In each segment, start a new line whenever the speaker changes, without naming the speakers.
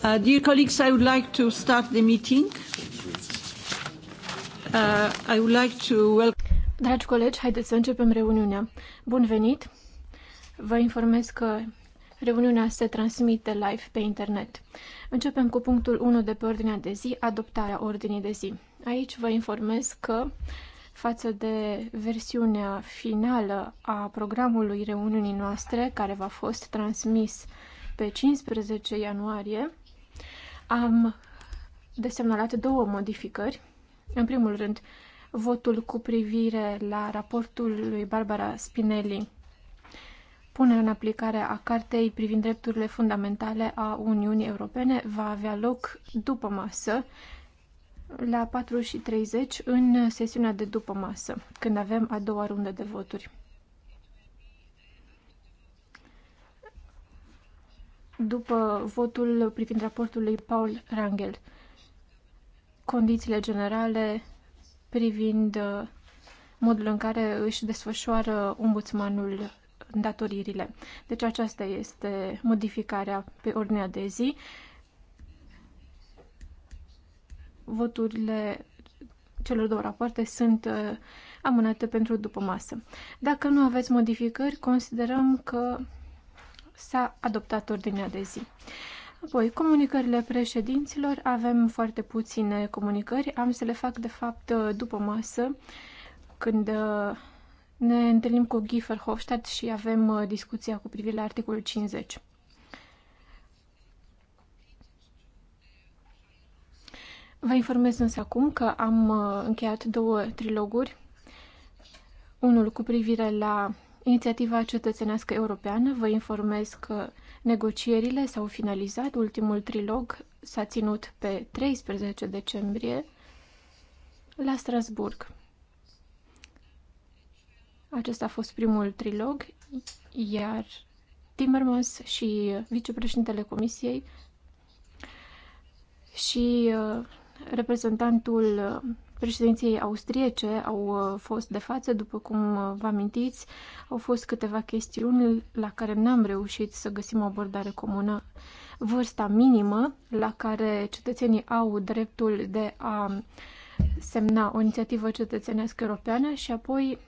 Uh, dear colleagues, I would like to start the meeting. Uh, I would like
to welcome... Dragi colegi, haideți să începem reuniunea. Bun venit! Vă informez că reuniunea se transmite live pe internet. Începem cu punctul 1 de pe ordinea de zi, adoptarea ordinii de zi. Aici vă informez că față de versiunea finală a programului reuniunii noastre, care v-a fost transmis pe 15 ianuarie, am desemnalat două modificări. În primul rând, votul cu privire la raportul lui Barbara Spinelli punerea în aplicare a cartei privind drepturile fundamentale a Uniunii Europene va avea loc după masă la 4 și 30 în sesiunea de după masă, când avem a doua rundă de voturi. după votul privind raportul lui Paul Rangel. Condițiile generale privind uh, modul în care își desfășoară ombudsmanul datoririle. Deci aceasta este modificarea pe ordinea de zi. Voturile celor două rapoarte sunt uh, amânate pentru după masă. Dacă nu aveți modificări, considerăm că S-a adoptat ordinea de zi. Apoi, comunicările președinților. Avem foarte puține comunicări. Am să le fac, de fapt, după masă, când uh, ne întâlnim cu Giefer Hofstadt și avem uh, discuția cu privire la articolul 50. Vă informez însă acum că am uh, încheiat două triloguri, unul cu privire la Inițiativa cetățenească europeană, vă informez că negocierile s-au finalizat, ultimul trilog s-a ținut pe 13 decembrie la Strasburg. Acesta a fost primul trilog, iar Timmermans și vicepreședintele Comisiei și uh, reprezentantul uh, președinției austriece au uh, fost de față, după cum uh, vă amintiți. Au fost câteva chestiuni la care n-am reușit să găsim o abordare comună. Vârsta minimă la care cetățenii au dreptul de a semna o inițiativă cetățenească europeană și apoi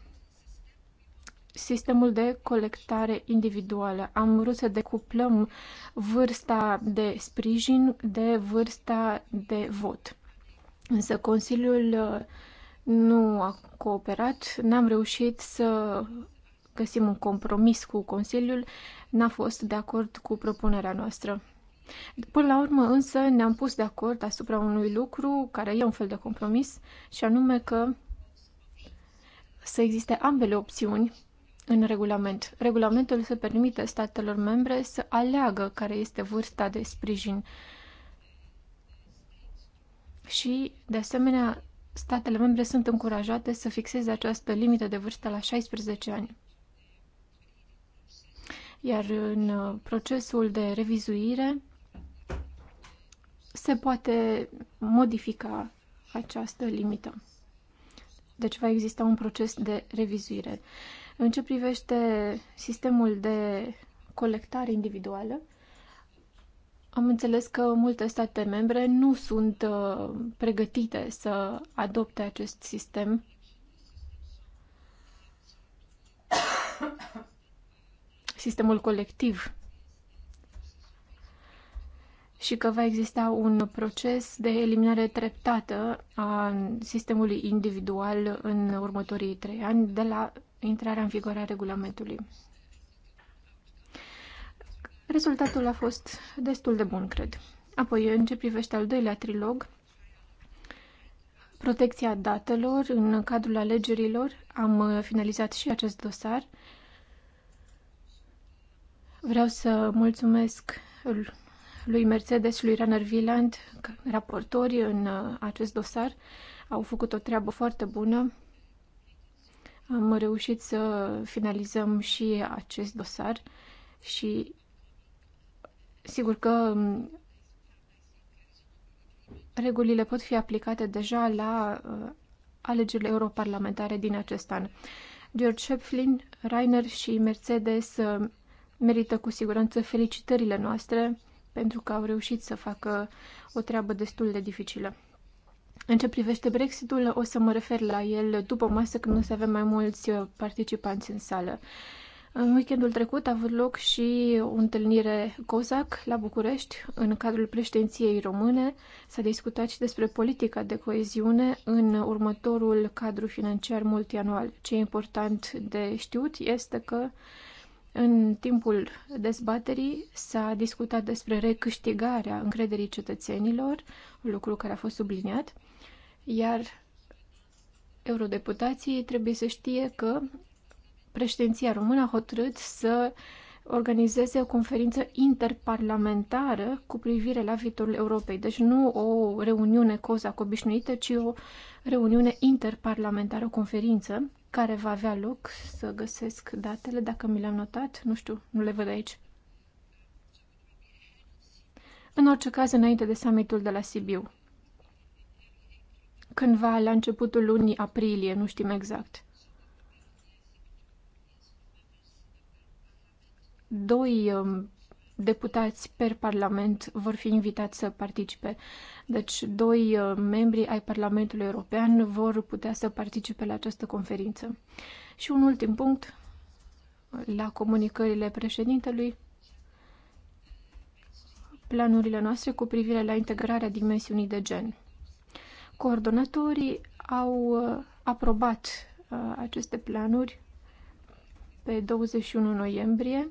sistemul de colectare individuală. Am vrut să decuplăm vârsta de sprijin de vârsta de vot. Însă Consiliul uh, nu a cooperat, n-am reușit să găsim un compromis cu Consiliul, n-a fost de acord cu propunerea noastră. Până la urmă însă ne-am pus de acord asupra unui lucru care e un fel de compromis și anume că să existe ambele opțiuni în regulament. Regulamentul să permită statelor membre să aleagă care este vârsta de sprijin și, de asemenea, statele membre sunt încurajate să fixeze această limită de vârstă la 16 ani. Iar în uh, procesul de revizuire se poate modifica această limită. Deci va exista un proces de revizuire. În ce privește sistemul de colectare individuală, am înțeles că multe state membre nu sunt uh, pregătite să adopte acest sistem. Sistemul colectiv. Și că va exista un proces de eliminare treptată a sistemului individual în următorii trei ani de la intrarea în vigoare a regulamentului. Rezultatul a fost destul de bun, cred. Apoi, în ce privește al doilea trilog, protecția datelor în cadrul alegerilor, am uh, finalizat și acest dosar. Vreau să mulțumesc lui Mercedes, lui Runner Wieland, raportori în uh, acest dosar. Au făcut o treabă foarte bună. Am reușit să finalizăm și acest dosar și Sigur că mm, regulile pot fi aplicate deja la uh, alegerile europarlamentare din acest an. George Shepflin, Rainer și Mercedes uh, merită cu siguranță felicitările noastre pentru că au reușit să facă o treabă destul de dificilă. În ce privește Brexitul, o să mă refer la el după masă când o să avem mai mulți uh, participanți în sală. În weekendul trecut a avut loc și o întâlnire COSAC la București, în cadrul președinției române. S-a discutat și despre politica de coeziune în următorul cadru financiar multianual. Ce e important de știut este că în timpul dezbaterii s-a discutat despre recâștigarea încrederii cetățenilor, lucru care a fost subliniat, iar eurodeputații trebuie să știe că președinția română a hotărât să organizeze o conferință interparlamentară cu privire la viitorul Europei. Deci nu o reuniune COSAC obișnuită, ci o reuniune interparlamentară, o conferință care va avea loc să găsesc datele, dacă mi le-am notat, nu știu, nu le văd aici. În orice caz, înainte de summitul de la Sibiu. Cândva la începutul lunii aprilie, nu știm exact. doi um, deputați per Parlament vor fi invitați să participe. Deci, doi uh, membri ai Parlamentului European vor putea să participe la această conferință. Și un ultim punct, la comunicările președintelui, planurile noastre cu privire la integrarea dimensiunii de gen. Coordonatorii au uh, aprobat uh, aceste planuri pe 21 noiembrie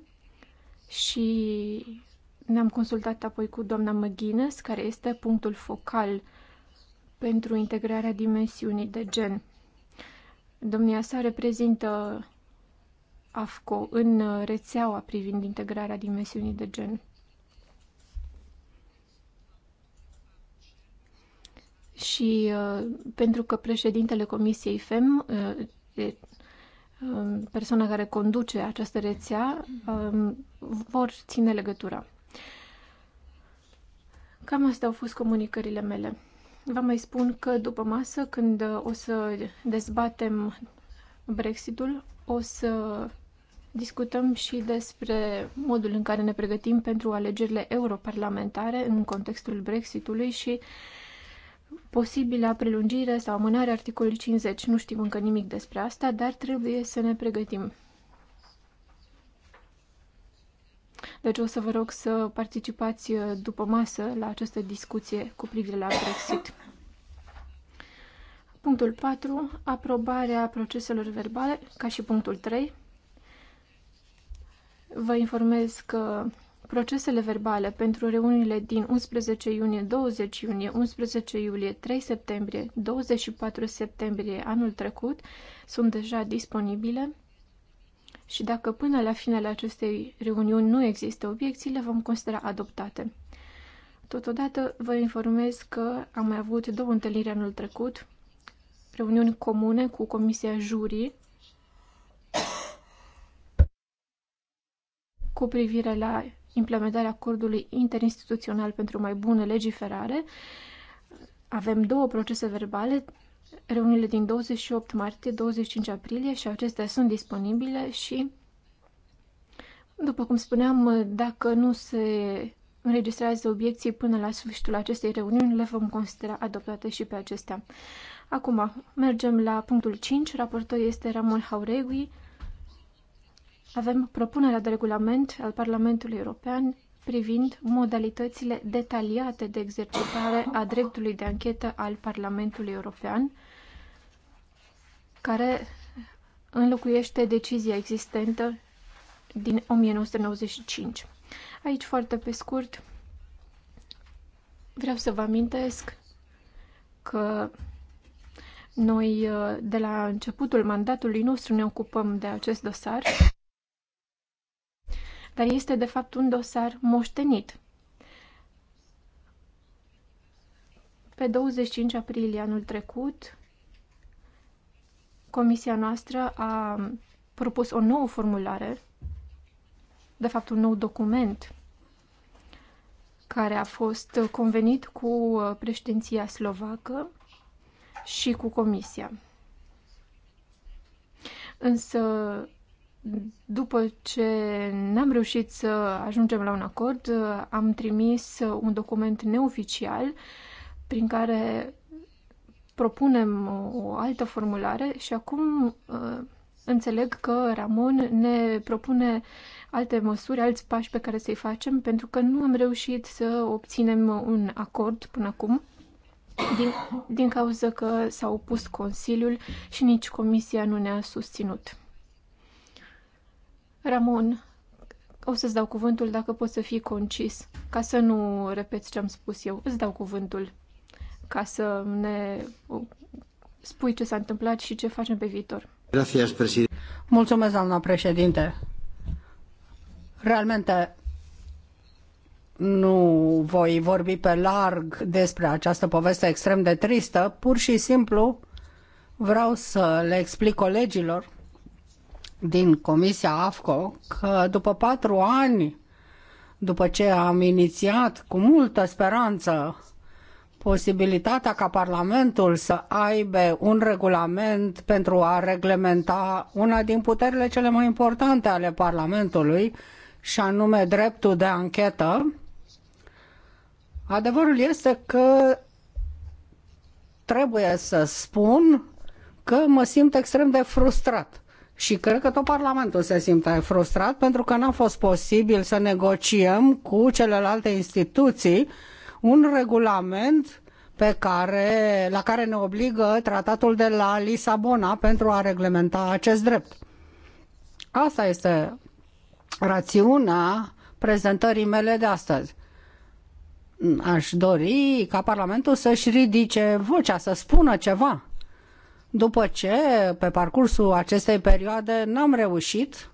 și ne-am consultat apoi cu doamna McGuinness, care este punctul focal pentru integrarea dimensiunii de gen. Domnia sa reprezintă AFCO în rețeaua privind integrarea dimensiunii de gen. Și uh, pentru că președintele Comisiei FEM, uh, Um, persoana care conduce această rețea um, vor ține legătura. Cam astea au fost comunicările mele. Vă mai spun că după masă, când o să dezbatem Brexitul, o să discutăm și despre modul în care ne pregătim pentru alegerile europarlamentare în contextul Brexitului și uh, posibilă prelungire sau amânare articolului 50. Nu știm încă nimic despre asta, dar trebuie să ne pregătim. Deci o să vă rog să participați uh, după masă la această discuție cu privire la Brexit. Punctul 4. Aprobarea proceselor verbale, ca și punctul 3. Vă informez că Procesele verbale pentru reuniunile din 11 iunie, 20 iunie, 11 iulie, 3 septembrie, 24 septembrie anul trecut sunt deja disponibile și dacă până la finele acestei reuniuni nu există obiecții, le vom considera adoptate. Totodată vă informez că am mai avut două întâlniri anul trecut, reuniuni comune cu Comisia Jurii cu privire la implementarea acordului interinstituțional pentru mai bună legiferare. Avem două procese verbale, reuniile din 28 martie, 25 aprilie și acestea sunt disponibile și, după cum spuneam, dacă nu se înregistrează obiecții până la sfârșitul acestei reuniuni, le vom considera adoptate și pe acestea. Acum, mergem la punctul 5. Raportor este Ramon Hauregui, avem propunerea de regulament al Parlamentului European privind modalitățile detaliate de exercitare a dreptului de anchetă al Parlamentului European, care înlocuiește decizia existentă din 1995. Aici, foarte pe scurt, vreau să vă amintesc că noi, de la începutul mandatului nostru, ne ocupăm de acest dosar dar este de fapt un dosar moștenit. Pe 25 aprilie anul trecut, comisia noastră a propus o nouă formulare, de fapt un nou document, care a fost convenit cu președinția slovacă și cu comisia. Însă după ce n-am reușit să ajungem la un acord, am trimis un document neoficial prin care propunem o altă formulare și acum uh, înțeleg că Ramon ne propune alte măsuri, alți pași pe care să-i facem, pentru că nu am reușit să obținem un acord până acum, din, din cauza că s-a opus Consiliul și nici Comisia nu ne-a susținut. Ramon, o să-ți dau cuvântul dacă poți să fii concis, ca să nu repeți ce am spus eu. Îți dau cuvântul ca să ne spui ce s-a întâmplat și ce facem pe viitor.
Gracias, președinte. Mulțumesc, doamna președinte. Realmente nu voi vorbi pe larg despre această poveste extrem de tristă, pur și simplu vreau să le explic colegilor din Comisia AFCO că după patru ani, după ce am inițiat cu multă speranță posibilitatea ca Parlamentul să aibă un regulament pentru a reglementa una din puterile cele mai importante ale Parlamentului, și anume dreptul de anchetă, adevărul este că trebuie să spun că mă simt extrem de frustrat și cred că tot Parlamentul se simte frustrat pentru că n-a fost posibil să negociem cu celelalte instituții un regulament pe care, la care ne obligă tratatul de la Lisabona pentru a reglementa acest drept. Asta este rațiunea prezentării mele de astăzi. Aș dori ca Parlamentul să-și ridice vocea, să spună ceva după ce, pe parcursul acestei perioade, n-am reușit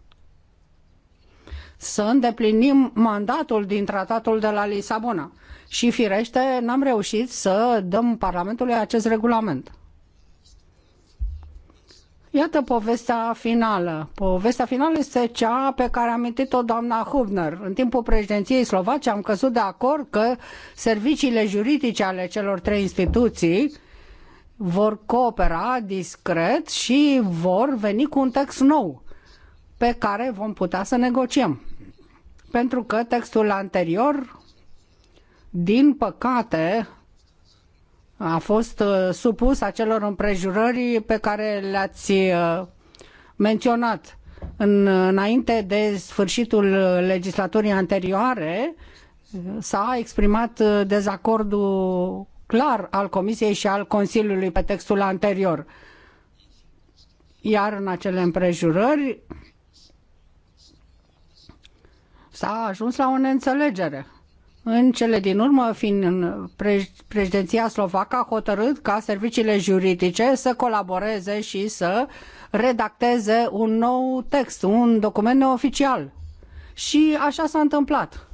să îndeplinim mandatul din tratatul de la Lisabona. Și firește, n-am reușit să dăm Parlamentului acest regulament. Iată povestea finală. Povestea finală este cea pe care a amintit-o doamna Hubner. În timpul președinției slovace am căzut de acord că serviciile juridice ale celor trei instituții vor coopera discret și vor veni cu un text nou pe care vom putea să negociem. Pentru că textul anterior, din păcate, a fost uh, supus acelor împrejurări pe care le-ați uh, menționat. În, înainte de sfârșitul legislaturii anterioare, s-a exprimat uh, dezacordul clar al Comisiei și al Consiliului pe textul anterior. Iar în acele împrejurări s-a ajuns la o neînțelegere. În cele din urmă, fiind președinția slovacă, a hotărât ca serviciile juridice să colaboreze și să redacteze un nou text, un document neoficial. Și așa s-a întâmplat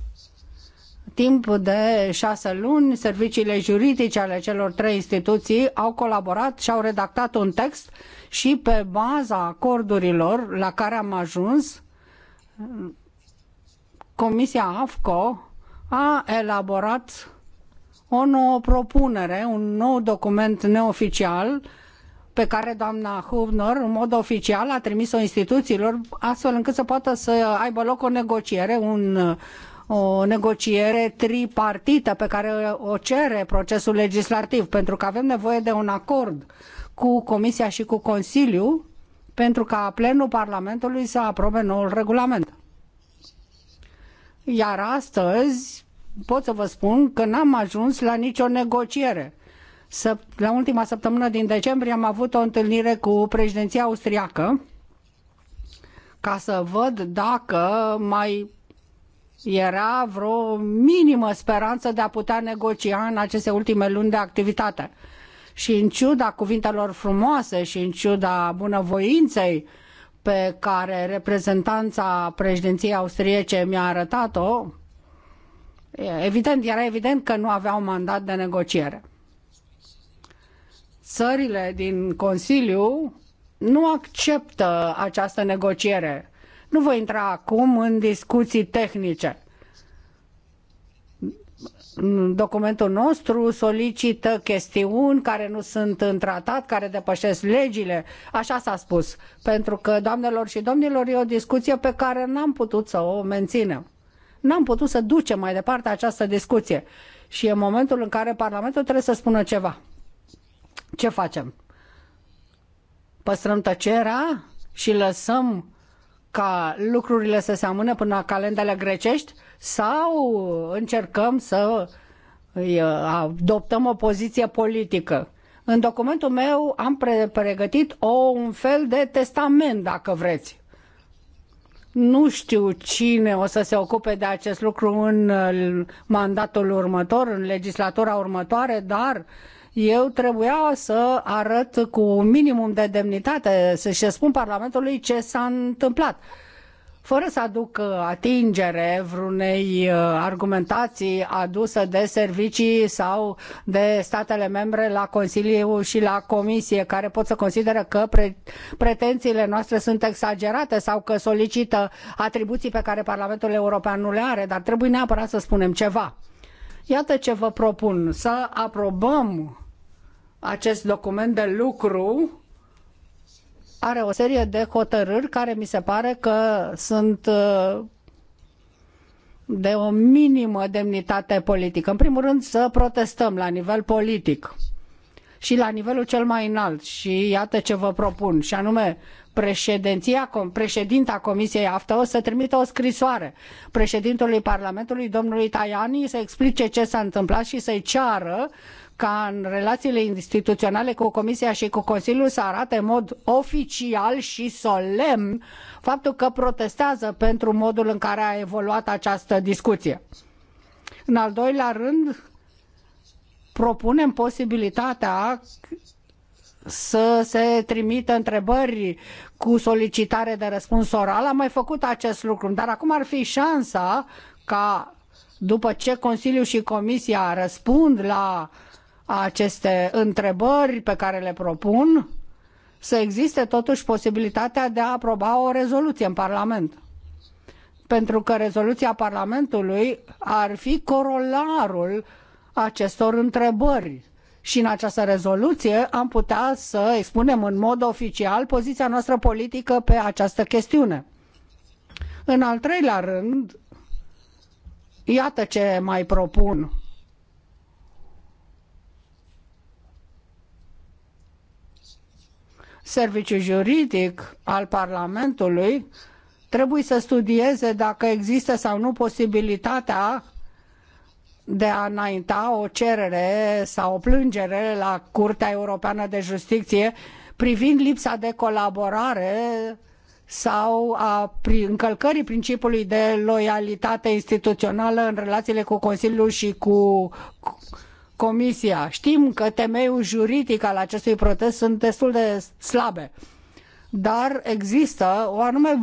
timp de șase luni, serviciile juridice ale celor trei instituții au colaborat și au redactat un text și pe baza acordurilor la care am ajuns, Comisia AFCO a elaborat o nouă propunere, un nou document neoficial pe care doamna Hubner, în mod oficial, a trimis-o instituțiilor, astfel încât să poată să aibă loc o negociere, un o negociere tripartită pe care o cere procesul legislativ, pentru că avem nevoie de un acord cu Comisia și cu Consiliu pentru ca plenul Parlamentului să aprobe noul regulament. Iar astăzi pot să vă spun că n-am ajuns la nicio negociere. La ultima săptămână din decembrie am avut o întâlnire cu președinția austriacă ca să văd dacă mai era vreo minimă speranță de a putea negocia în aceste ultime luni de activitate. Și în ciuda cuvintelor frumoase și în ciuda bunăvoinței pe care reprezentanța președinției austriece mi-a arătat-o, evident, era evident că nu aveau mandat de negociere. Țările din Consiliu nu acceptă această negociere nu voi intra acum în discuții tehnice. Documentul nostru solicită chestiuni care nu sunt în tratat, care depășesc legile. Așa s-a spus. Pentru că, doamnelor și domnilor, e o discuție pe care n-am putut să o menținem. N-am putut să ducem mai departe această discuție. Și e momentul în care Parlamentul trebuie să spună ceva. Ce facem? Păstrăm tăcerea și lăsăm ca lucrurile să se amână până la calendele grecești sau încercăm să uh, adoptăm o poziție politică. În documentul meu am pregătit o, un fel de testament, dacă vreți. Nu știu cine o să se ocupe de acest lucru în uh, mandatul următor, în legislatura următoare, dar uh, eu trebuia să arăt cu minimum de demnitate, să-și spun Parlamentului ce s-a întâmplat fără să aduc uh, atingere vreunei uh, argumentații aduse de servicii sau de statele membre la Consiliu și la Comisie, care pot să consideră că pre- pretențiile noastre sunt exagerate sau că solicită atribuții pe care Parlamentul European nu le are, dar trebuie neapărat să spunem ceva. Iată ce vă propun, să aprobăm acest document de lucru are o serie de hotărâri care mi se pare că sunt uh, de o minimă demnitate politică. În primul rând să protestăm la nivel politic și la nivelul cel mai înalt și iată ce vă propun și anume președinția, președinta Comisiei AFTA o să trimită o scrisoare președintelui Parlamentului, domnului Tajani, să explice ce s-a întâmplat și să-i ceară ca în relațiile instituționale cu Comisia și cu Consiliul să arate în mod oficial și solemn faptul că protestează pentru modul în care a evoluat această discuție. În al doilea rând, propunem posibilitatea să se trimită întrebări cu solicitare de răspuns oral. Am mai făcut acest lucru, dar acum ar fi șansa ca după ce Consiliul și Comisia răspund la uh, aceste întrebări pe care le propun, să existe totuși posibilitatea de a aproba o rezoluție în Parlament. Pentru că rezoluția Parlamentului ar fi corolarul acestor întrebări. Și în această rezoluție am putea să expunem în mod oficial poziția noastră politică pe această chestiune. În al treilea rând, iată ce mai propun serviciu juridic al Parlamentului trebuie să studieze dacă există sau nu posibilitatea de a înainta o cerere sau o plângere la Curtea Europeană de Justiție privind lipsa de colaborare sau a încălcării principiului de loialitate instituțională în relațiile cu Consiliul și cu Comisia. Știm că temeiul juridic al acestui protest sunt destul de slabe, dar există o anume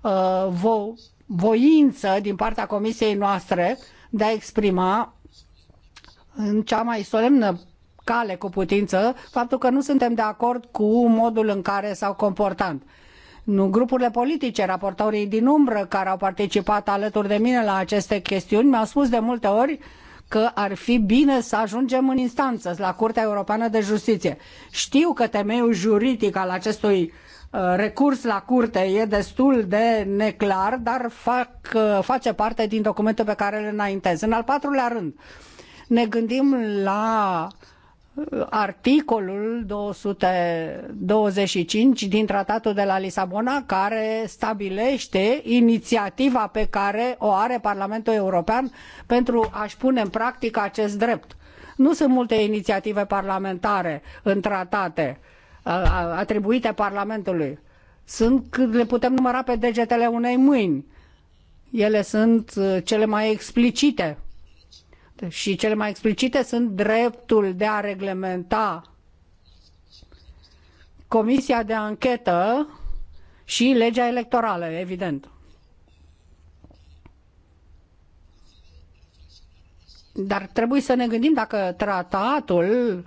uh, vo- voință din partea Comisiei noastre de a exprima în cea mai solemnă cale cu putință faptul că nu suntem de acord cu modul în care s-au comportat. Nu, grupurile politice, raportorii din umbră care au participat alături de mine la aceste chestiuni mi-au spus de multe ori uh, că ar fi bine să ajungem în instanță, la Curtea Europeană de Justiție. Știu că temeiul juridic al acestui uh, recurs la curte e destul de neclar, dar fac, uh, face parte din documente pe care le înaintez. În al patrulea rând, ne gândim la uh, articolul 225 din Tratatul de la Lisabona care stabilește inițiativa pe care o are Parlamentul European pentru a-și pune în practică acest drept. Nu sunt multe inițiative parlamentare în tratate uh, uh, atribuite Parlamentului. Sunt, le putem număra pe degetele unei mâini. Ele sunt uh, cele mai explicite și cele mai explicite sunt dreptul de a reglementa comisia de anchetă și legea electorală, evident. Dar trebuie să ne gândim dacă tratatul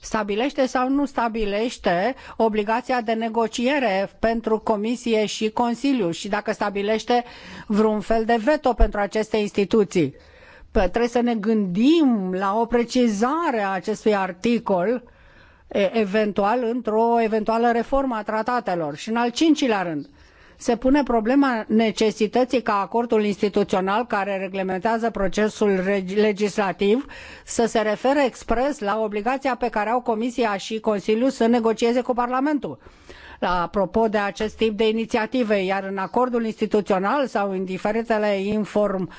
stabilește sau nu stabilește obligația de negociere pentru Comisie și Consiliu și dacă stabilește vreun fel de veto pentru aceste instituții. Trebuie să ne gândim la o precizare a acestui articol, eventual într-o eventuală reformă a tratatelor. Și în al cincilea rând, se pune problema necesității ca acordul instituțional care reglementează procesul legislativ să se refere expres la obligația pe care au Comisia și Consiliul să negocieze cu Parlamentul apropo de acest tip de inițiative, iar în acordul instituțional sau în diferitele inform,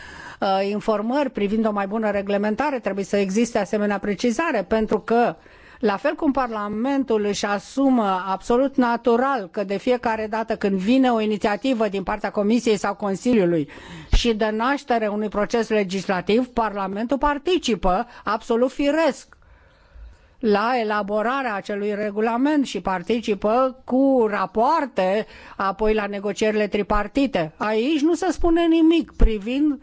uh, informări privind o mai bună reglementare trebuie să existe asemenea precizare, pentru că la fel cum Parlamentul își asumă absolut natural că de fiecare dată când vine o inițiativă din partea Comisiei sau Consiliului și dă naștere unui proces legislativ, Parlamentul participă absolut firesc la elaborarea acelui regulament și participă cu rapoarte apoi la negocierile tripartite. Aici nu se spune nimic privind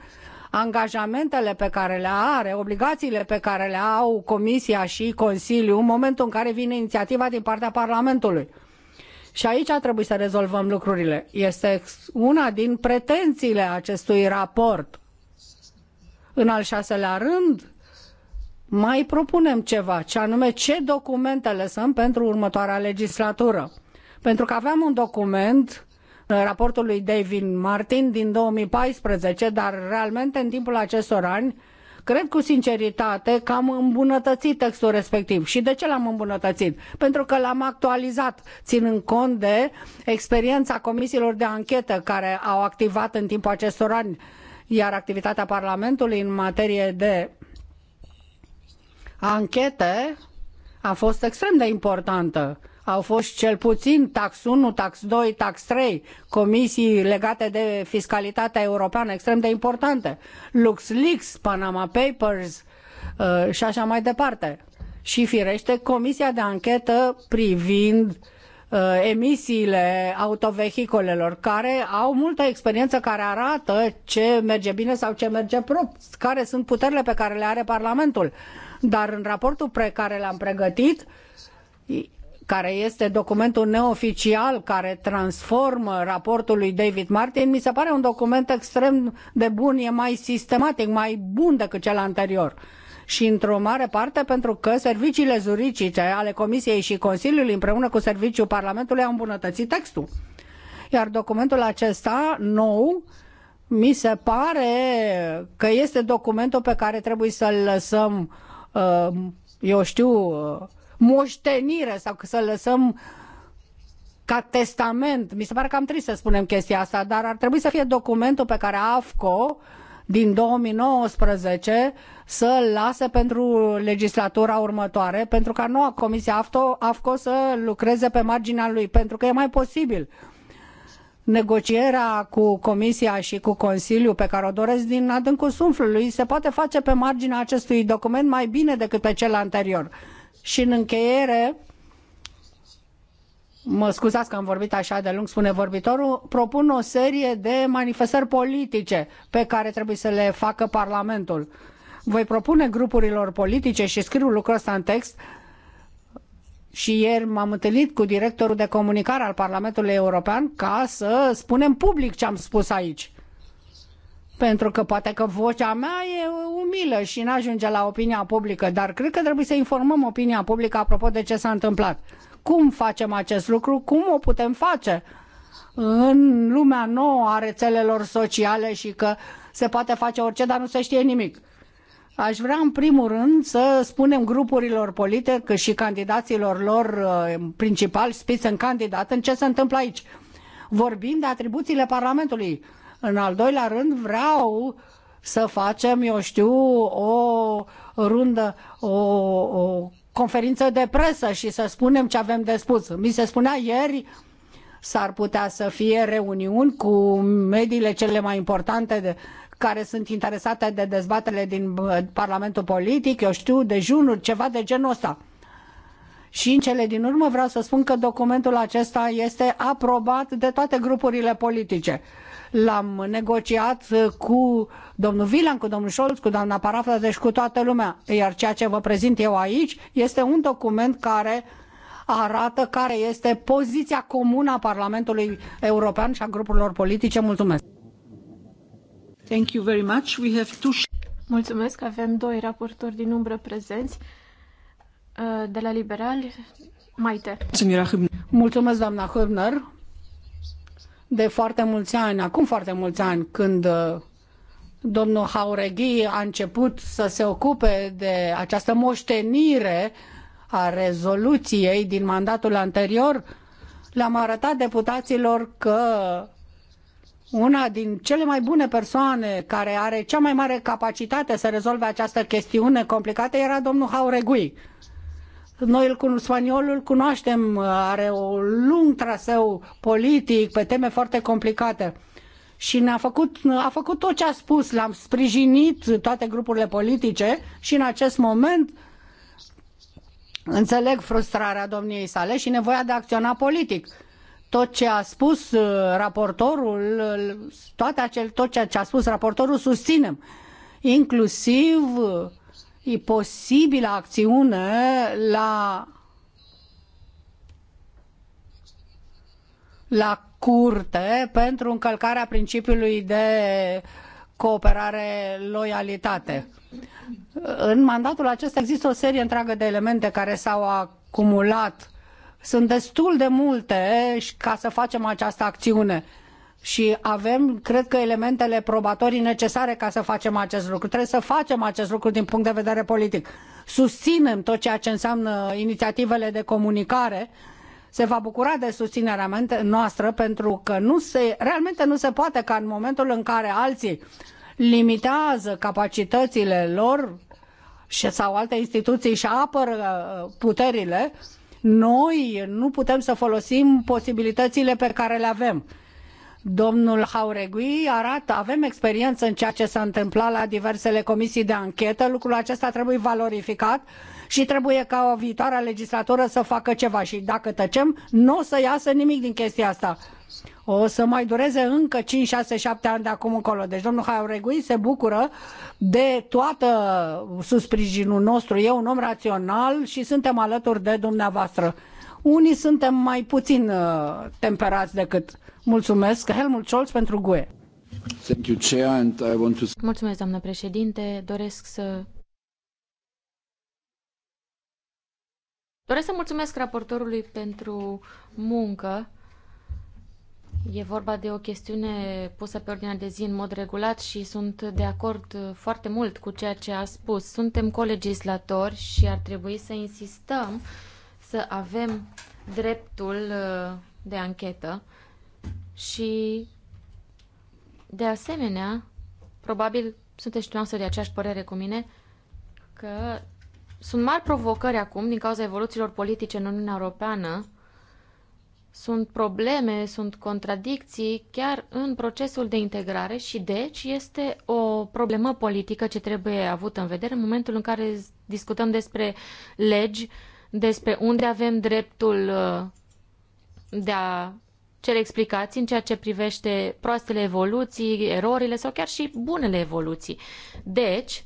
angajamentele pe care le are, obligațiile pe care le au Comisia și Consiliul în momentul în care vine inițiativa din partea Parlamentului. Și aici trebuie să rezolvăm lucrurile. Este una din pretențiile acestui raport. În al șaselea rând, mai propunem ceva, ce anume ce documente lăsăm pentru următoarea legislatură. Pentru că aveam un document uh, raportul lui David Martin din 2014, dar realmente în timpul acestor ani cred cu sinceritate că am îmbunătățit textul respectiv. Și de ce l-am îmbunătățit? Pentru că l-am actualizat, ținând cont de experiența comisiilor de anchetă care au activat în timpul acestor ani, iar activitatea Parlamentului în materie de anchete a fost extrem de importantă. Au fost cel puțin tax 1, tax 2, tax 3, comisii legate de fiscalitatea europeană extrem de importante. LuxLeaks, Panama Papers uh, și așa mai departe. Și firește comisia de anchetă privind uh, emisiile autovehiculelor care au multă experiență care arată ce merge bine sau ce merge prost, care sunt puterile pe care le are Parlamentul dar în raportul pe care l-am pregătit, care este documentul neoficial care transformă raportul lui David Martin, mi se pare un document extrem de bun, e mai sistematic, mai bun decât cel anterior și într-o mare parte pentru că serviciile juridice ale Comisiei și Consiliului împreună cu serviciul Parlamentului au îmbunătățit textul. Iar documentul acesta nou mi se pare că este documentul pe care trebuie să-l lăsăm Uh, eu știu, uh, moștenire sau că să lăsăm ca testament. Mi se pare că am trist să spunem chestia asta, dar ar trebui să fie documentul pe care AFCO din 2019 să-l lase pentru legislatura următoare, pentru ca noua comisie AFCO, AFCO să lucreze pe marginea lui, pentru că e mai posibil. Uh, negocierea cu Comisia și cu Consiliul pe care o doresc din adâncul sufletului se poate face pe marginea acestui document mai bine decât pe cel anterior. Și în încheiere, mă scuzați că am vorbit așa de lung, spune vorbitorul, propun o serie de manifestări politice pe care trebuie să le facă Parlamentul. Voi propune grupurilor politice și scriu lucrul ăsta în text și ieri m-am întâlnit cu directorul de comunicare al Parlamentului European ca să spunem public ce am spus aici. Pentru că poate că vocea mea e umilă și nu ajunge la opinia publică, dar cred că trebuie să informăm opinia publică apropo de ce s-a întâmplat. Cum facem acest lucru? Cum o putem face? În lumea nouă a rețelelor sociale și că se poate face orice, dar nu se știe nimic. Aș vrea în primul rând să spunem grupurilor politice și candidaților lor uh, principali, în candidat, în ce se întâmplă aici. Vorbim de atribuțiile Parlamentului. În al doilea rând vreau să facem, eu știu, o rundă, o, o conferință de presă și să spunem ce avem de spus. Mi se spunea ieri s-ar putea să fie reuniuni cu mediile cele mai importante de, care sunt interesate de dezbatele din Parlamentul Politic, eu știu, dejunuri, ceva de genul ăsta. Și în cele din urmă vreau să spun că documentul acesta este aprobat de toate grupurile politice. L-am negociat cu domnul Vilan, cu domnul Scholz, cu doamna Parafra, deci cu toată lumea. Iar ceea ce vă prezint eu aici este un document care arată care este poziția comună a Parlamentului European și a grupurilor politice. Mulțumesc!
Thank you very much. We have two... Mulțumesc, avem doi raportori din umbră prezenți
uh, de la Liberali. Maite. Mulțumesc, doamna Hübner. De foarte mulți ani, acum foarte mulți ani, când uh, domnul Haureghi a început să se ocupe de această moștenire a rezoluției din mandatul anterior, le-am arătat deputaților că una din cele mai bune persoane care are cea mai mare capacitate să rezolve această chestiune complicată era domnul Hauregui. Noi îl spaniolul cunoaștem, are un lung traseu politic pe teme foarte complicate. Și ne-a făcut, a făcut tot ce a spus, l-am sprijinit toate grupurile politice și în acest moment înțeleg frustrarea domniei sale și nevoia de a acționa politic tot ce a spus uh, raportorul, uh, toate acel, tot ceea ce a spus raportorul susținem, inclusiv uh, posibilă acțiune la la curte pentru încălcarea principiului de cooperare loialitate. În mandatul acesta există o serie întreagă de elemente care s-au acumulat sunt destul de multe ca să facem această acțiune și avem, cred că, elementele probatorii necesare ca să facem acest lucru. Trebuie să facem acest lucru din punct de vedere politic. Susținem tot ceea ce înseamnă inițiativele de comunicare. Se va bucura de susținerea noastră pentru că nu se, realmente nu se poate ca în momentul în care alții limitează capacitățile lor și, sau alte instituții și apără uh, puterile, uh, noi nu putem să folosim posibilitățile pe care le avem. Domnul Hauregui arată, avem experiență în ceea ce s-a întâmplat la diversele comisii de anchetă, lucrul acesta trebuie valorificat și trebuie ca o viitoare legislatură să facă ceva și dacă tăcem, nu o să iasă nimic din chestia asta o să mai dureze încă 5, 6, 7 ani de acum încolo. Deci domnul Hauregui se bucură de toată susprijinul nostru. E un om rațional și suntem alături de dumneavoastră. Unii suntem mai puțin uh, temperați decât. Mulțumesc. Helmut Scholz pentru GUE. Thank you, Chair, and I want to... Mulțumesc, doamnă președinte. Doresc să
Doresc să mulțumesc raportorului pentru muncă. E vorba de o chestiune pusă pe ordinea de zi în mod regulat și sunt de acord uh, foarte mult cu ceea ce a spus. Suntem colegislatori și ar trebui să insistăm să avem dreptul uh, de anchetă și, de asemenea, probabil sunteți noastră de aceeași părere cu mine, că sunt mari provocări acum din cauza evoluțiilor politice în Uniunea Europeană sunt probleme, sunt contradicții chiar în procesul de integrare și deci este o problemă politică ce trebuie avută în vedere în momentul în care discutăm despre legi, despre unde avem dreptul uh, de a cere explicații în ceea ce privește proastele evoluții, erorile sau chiar și bunele evoluții. Deci,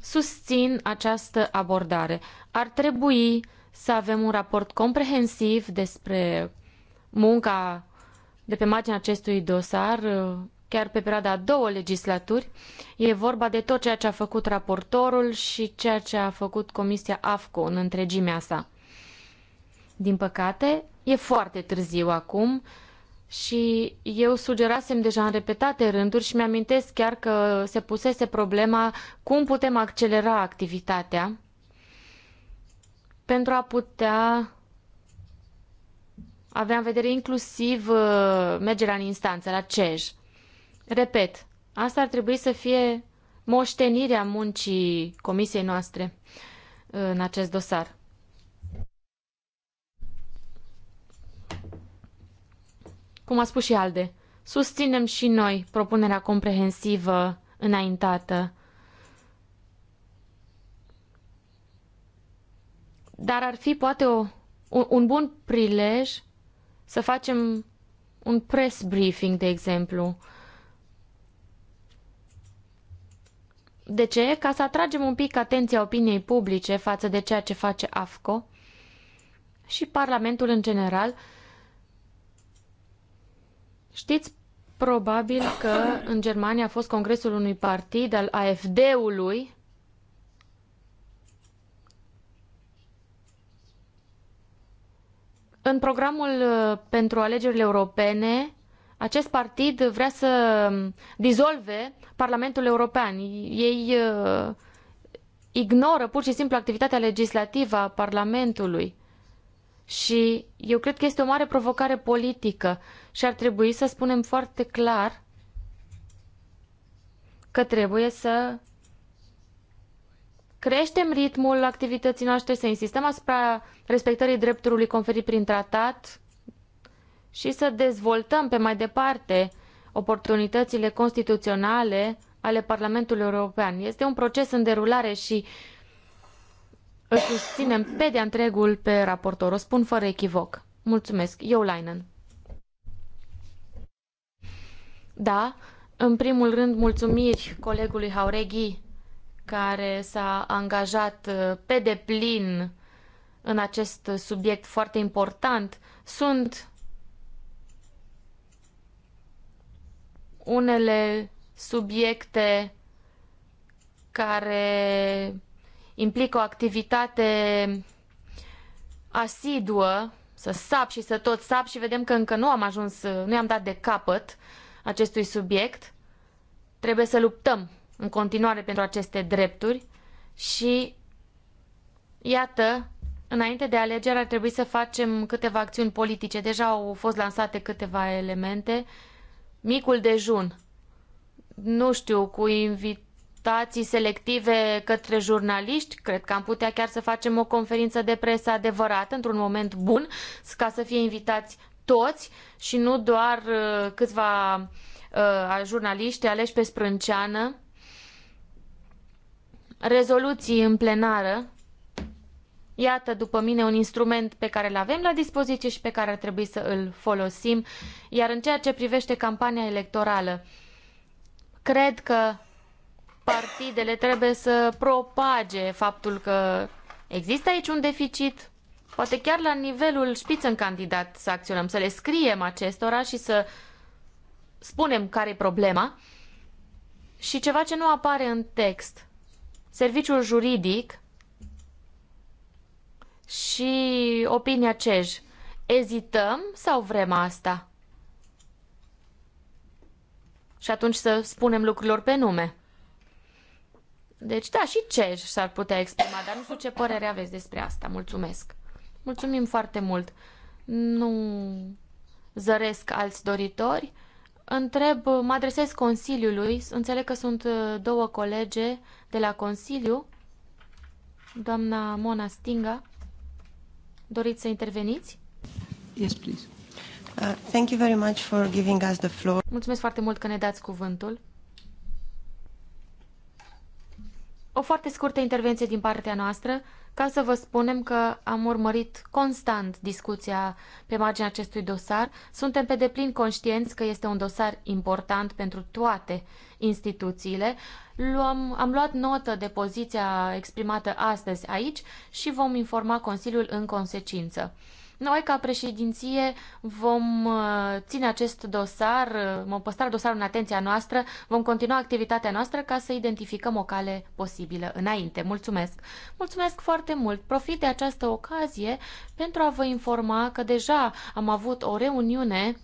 susțin această abordare. Ar trebui să avem un raport comprehensiv despre munca de pe marginea acestui dosar, chiar pe perioada a două legislaturi. E vorba de tot ceea ce a făcut raportorul și ceea ce a făcut Comisia AFCO în întregimea sa. Din păcate, e foarte târziu acum și eu sugerasem deja în repetate rânduri și mi-amintesc chiar că se pusese problema cum putem accelera activitatea pentru a putea avea în vedere inclusiv uh, mergerea în instanță, la CEJ. Repet, asta ar trebui să fie moștenirea muncii comisiei noastre uh, în acest dosar. Cum a spus și Alde, susținem și noi propunerea comprehensivă înaintată dar ar fi poate o, un bun prilej să facem un press briefing, de exemplu. De ce? Ca să atragem un pic atenția opiniei publice față de ceea ce face AFCO și Parlamentul în general. Știți probabil că în Germania a fost congresul unui partid al AFD-ului În programul uh, pentru alegerile europene, acest partid vrea să um, dizolve Parlamentul European. Ei uh, ignoră pur și simplu activitatea legislativă a Parlamentului. Și eu cred că este o mare provocare politică și ar trebui să spunem foarte clar că trebuie să creștem ritmul activității noastre, să insistăm asupra respectării dreptului conferit prin tratat și să dezvoltăm pe mai departe oportunitățile constituționale ale Parlamentului European. Este un proces în derulare și îl susținem pe de întregul pe raportor. O spun fără echivoc. Mulțumesc. Eu, Leinen. Da, în primul rând, mulțumiri colegului Haureghi care s-a angajat uh, pe deplin în acest subiect foarte important. Sunt unele subiecte care implică o activitate asiduă, să sap și să tot sap și vedem că încă nu am ajuns, nu i-am dat de capăt acestui subiect. Trebuie să luptăm în continuare pentru aceste drepturi și iată, înainte de alegeri ar trebui să facem câteva acțiuni politice. Deja au fost lansate câteva elemente. Micul dejun, nu știu, cu invitații selective către jurnaliști, cred că am putea chiar să facem o conferință de presă adevărată într-un moment bun, ca să fie invitați toți și nu doar uh, câțiva uh, jurnaliști aleși pe sprânceană rezoluții în plenară. Iată, după mine, un instrument pe care îl avem la dispoziție și pe care ar trebui să îl folosim. Iar în ceea ce privește campania electorală, cred că partidele trebuie să propage faptul că există aici un deficit, poate chiar la nivelul în candidat să acționăm, să le scriem acestora și să spunem care e problema și ceva ce nu apare în text serviciul juridic și opinia CEJ. Ezităm sau vrem asta? Și atunci să spunem lucrurilor pe nume. Deci, da, și CEJ s-ar putea exprima, dar nu știu ce părere aveți despre asta. Mulțumesc. Mulțumim foarte mult. Nu zăresc alți doritori întreb, mă adresez Consiliului, înțeleg că sunt uh, două colege de la Consiliu, doamna Mona Stinga. Doriți să interveniți?
Yes, please. Uh, thank you very much for giving us the floor.
Mulțumesc foarte mult că ne dați cuvântul. O foarte scurtă intervenție din partea noastră ca să vă spunem că am urmărit constant discuția pe marginea acestui dosar. Suntem pe deplin conștienți că este un dosar important pentru toate instituțiile. Luăm, am luat notă de poziția exprimată astăzi aici și vom informa Consiliul în consecință. Noi, ca președinție, vom uh, ține acest dosar, uh, vom păstra dosarul în atenția noastră, vom continua activitatea noastră ca să identificăm o cale posibilă înainte. Mulțumesc! Mulțumesc foarte mult! Profit de această ocazie pentru a vă informa că deja am avut o reuniune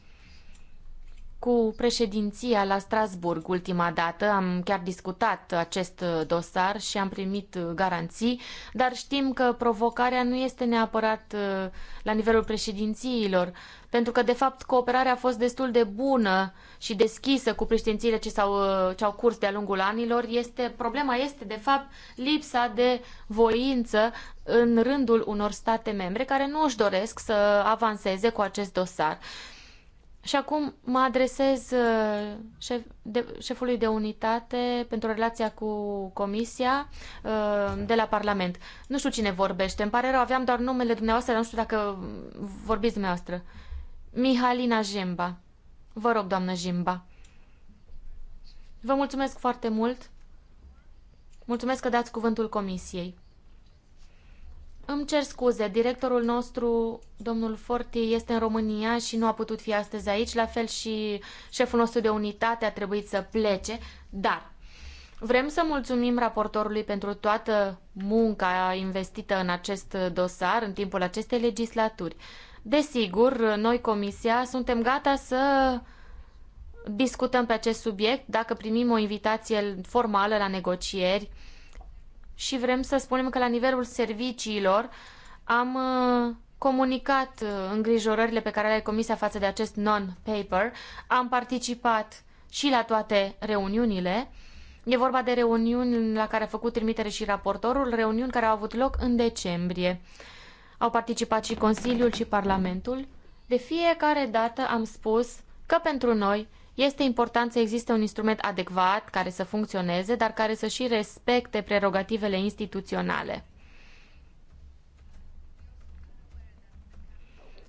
cu președinția la Strasburg ultima dată. Am chiar discutat acest dosar și am primit garanții, dar știm că provocarea nu este neapărat uh, la nivelul președințiilor, pentru că, de fapt, cooperarea a fost destul de bună și deschisă cu președințiile ce, s-au, uh, ce au curs de-a lungul anilor. Este, problema este, de fapt, lipsa de voință în rândul unor state membre care nu își doresc să avanseze cu acest dosar. Și acum mă adresez uh, șef, de, șefului de unitate pentru relația cu comisia uh, de la Parlament. Nu știu cine vorbește, îmi pare rău, aveam doar numele dumneavoastră, dar nu știu dacă vorbiți dumneavoastră. Mihalina Jemba. Vă rog, doamnă Jimba. Vă mulțumesc foarte mult. Mulțumesc că dați cuvântul comisiei. Îmi cer scuze, directorul nostru, domnul Forti, este în România și nu a putut fi astăzi aici, la fel și șeful nostru de unitate a trebuit să plece, dar vrem să mulțumim raportorului pentru toată munca investită în acest dosar în timpul acestei legislaturi. Desigur, noi, Comisia, suntem gata să discutăm pe acest subiect dacă primim o invitație formală la negocieri și vrem să spunem că la nivelul serviciilor am uh, comunicat uh, îngrijorările pe care le are Comisia față de acest non-paper. Am participat și la toate reuniunile. E vorba de reuniuni la care a făcut trimitere și raportorul, reuniuni care au avut loc în decembrie. Au participat și Consiliul și Parlamentul. De fiecare dată am spus că pentru noi este important să existe un instrument adecvat care să funcționeze, dar care să și respecte prerogativele instituționale.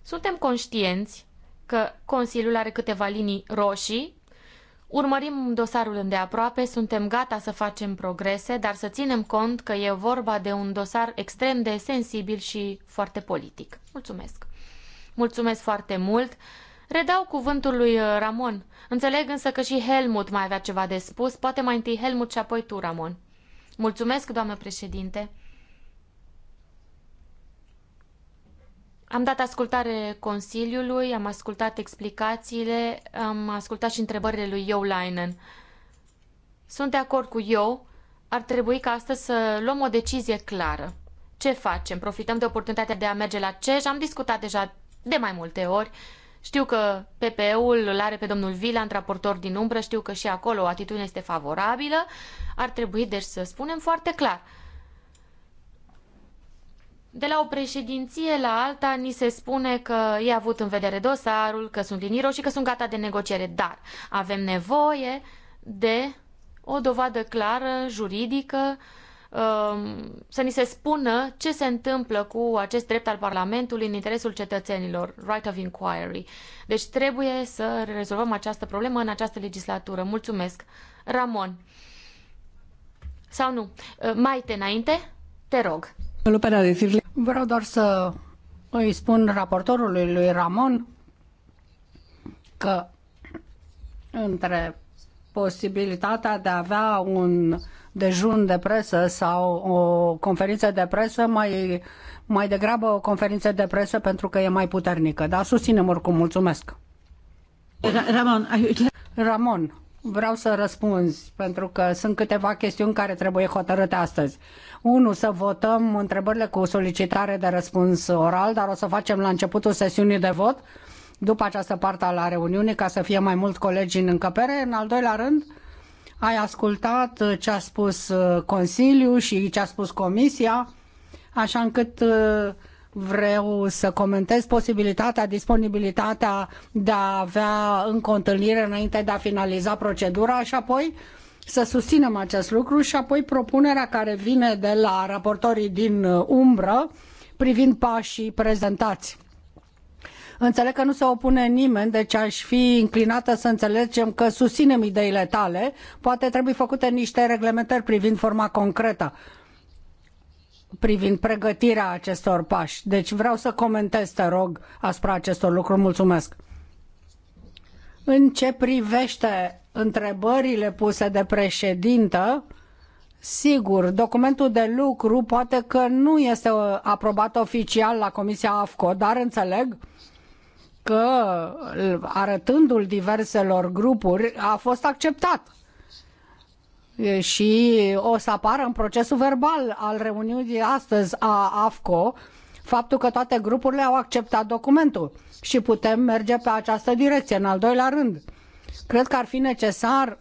Suntem conștienți că Consiliul are câteva linii roșii. Urmărim dosarul îndeaproape, suntem gata să facem progrese, dar să ținem cont că e vorba de un dosar extrem de sensibil și foarte politic. Mulțumesc! Mulțumesc foarte mult! Redau cuvântul lui uh, Ramon. Înțeleg însă că și Helmut mai avea ceva de spus. Poate mai întâi Helmut și apoi tu, Ramon. Mulțumesc, doamnă președinte. Am dat ascultare Consiliului, am ascultat explicațiile, am ascultat și întrebările lui Joe Leinen. Sunt de acord cu eu, ar trebui ca astăzi să luăm o decizie clară. Ce facem? Profităm de oportunitatea de a merge la CEJ? Am discutat deja de mai multe ori. Știu că PPE-ul îl are pe domnul Viland, raportor din umbră, știu că și acolo atitudinea este favorabilă. Ar trebui, deci, să spunem foarte clar. De la o președinție la alta ni se spune că e avut în vedere dosarul, că sunt linii roșii, că sunt gata de negociere, dar avem nevoie de o dovadă clară, juridică, Um, să ni se spună ce se întâmplă cu acest drept al Parlamentului în interesul cetățenilor, right of inquiry. Deci trebuie să rezolvăm această problemă în această legislatură. Mulțumesc. Ramon. Sau nu? Uh, Maite, înainte? Te rog.
Vreau doar să îi spun raportorului lui Ramon că între posibilitatea de a avea un uh, dejun de presă sau o conferință de presă, mai, mai degrabă o conferință de presă pentru că e mai puternică. Dar susținem oricum, mulțumesc. Ramon, Ramon, vreau să răspunzi pentru că sunt câteva chestiuni care trebuie hotărâte astăzi. Unu, să votăm întrebările cu solicitare de răspuns oral, dar o să facem la începutul sesiunii de vot, după această parte a la reuniunii, ca să fie mai mulți colegi în încăpere. În al doilea rând, ai ascultat uh, ce a spus uh, Consiliul și ce a spus Comisia, așa încât uh, vreau să comentez posibilitatea, disponibilitatea de a avea încă o întâlnire înainte de a finaliza procedura și apoi să susținem acest lucru și apoi propunerea care vine de la raportorii din umbră privind pașii prezentați. Înțeleg că nu se opune nimeni, deci aș fi înclinată să înțelegem că susținem ideile tale. Poate trebuie făcute niște reglementări privind forma concretă privind pregătirea acestor pași. Deci vreau să comentez, te rog, asupra acestor lucruri. Mulțumesc. În ce privește întrebările puse de președintă, sigur, documentul de lucru poate că nu este aprobat oficial la Comisia AFCO, dar înțeleg că arătându-l diverselor grupuri a fost acceptat și o să apară în procesul verbal al reuniunii de astăzi a AFCO faptul că toate grupurile au acceptat documentul și putem merge pe această direcție. În al doilea rând, cred că ar fi necesar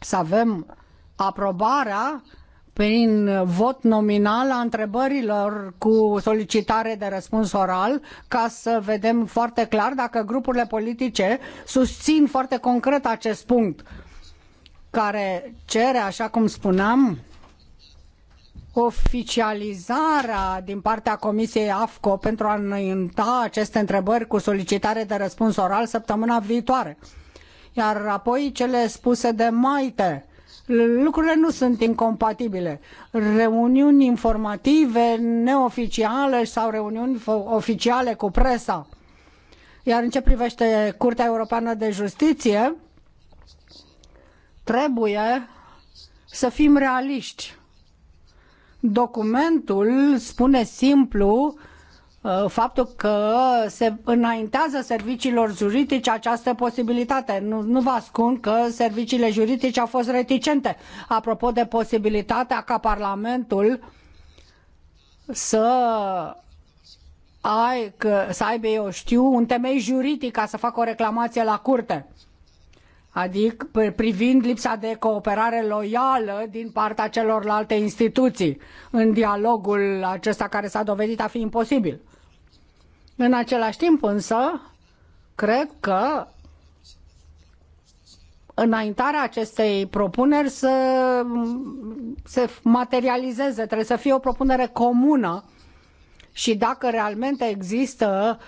să avem aprobarea prin vot nominal a întrebărilor cu solicitare de răspuns oral ca să vedem foarte clar dacă grupurile politice susțin foarte concret acest punct care cere, așa cum spuneam, oficializarea din partea Comisiei AFCO pentru a înainta aceste întrebări cu solicitare de răspuns oral săptămâna viitoare. Iar apoi cele spuse de Maite, lucrurile nu sunt incompatibile. Reuniuni informative, neoficiale sau reuniuni oficiale cu presa. Iar în ce privește Curtea Europeană de Justiție, trebuie să fim realiști. Documentul spune simplu Uh, faptul că se înaintează serviciilor juridice această posibilitate. Nu, nu vă ascund că serviciile juridice au fost reticente apropo de posibilitatea ca Parlamentul să ai, că, să aibă, eu știu, un temei juridic ca să facă o reclamație la curte. Adică privind lipsa de cooperare loială din partea celorlalte instituții în dialogul acesta care s-a dovedit a fi imposibil. În același timp însă, cred că înaintarea acestei propuneri să se materializeze, trebuie să fie o propunere comună și dacă realmente există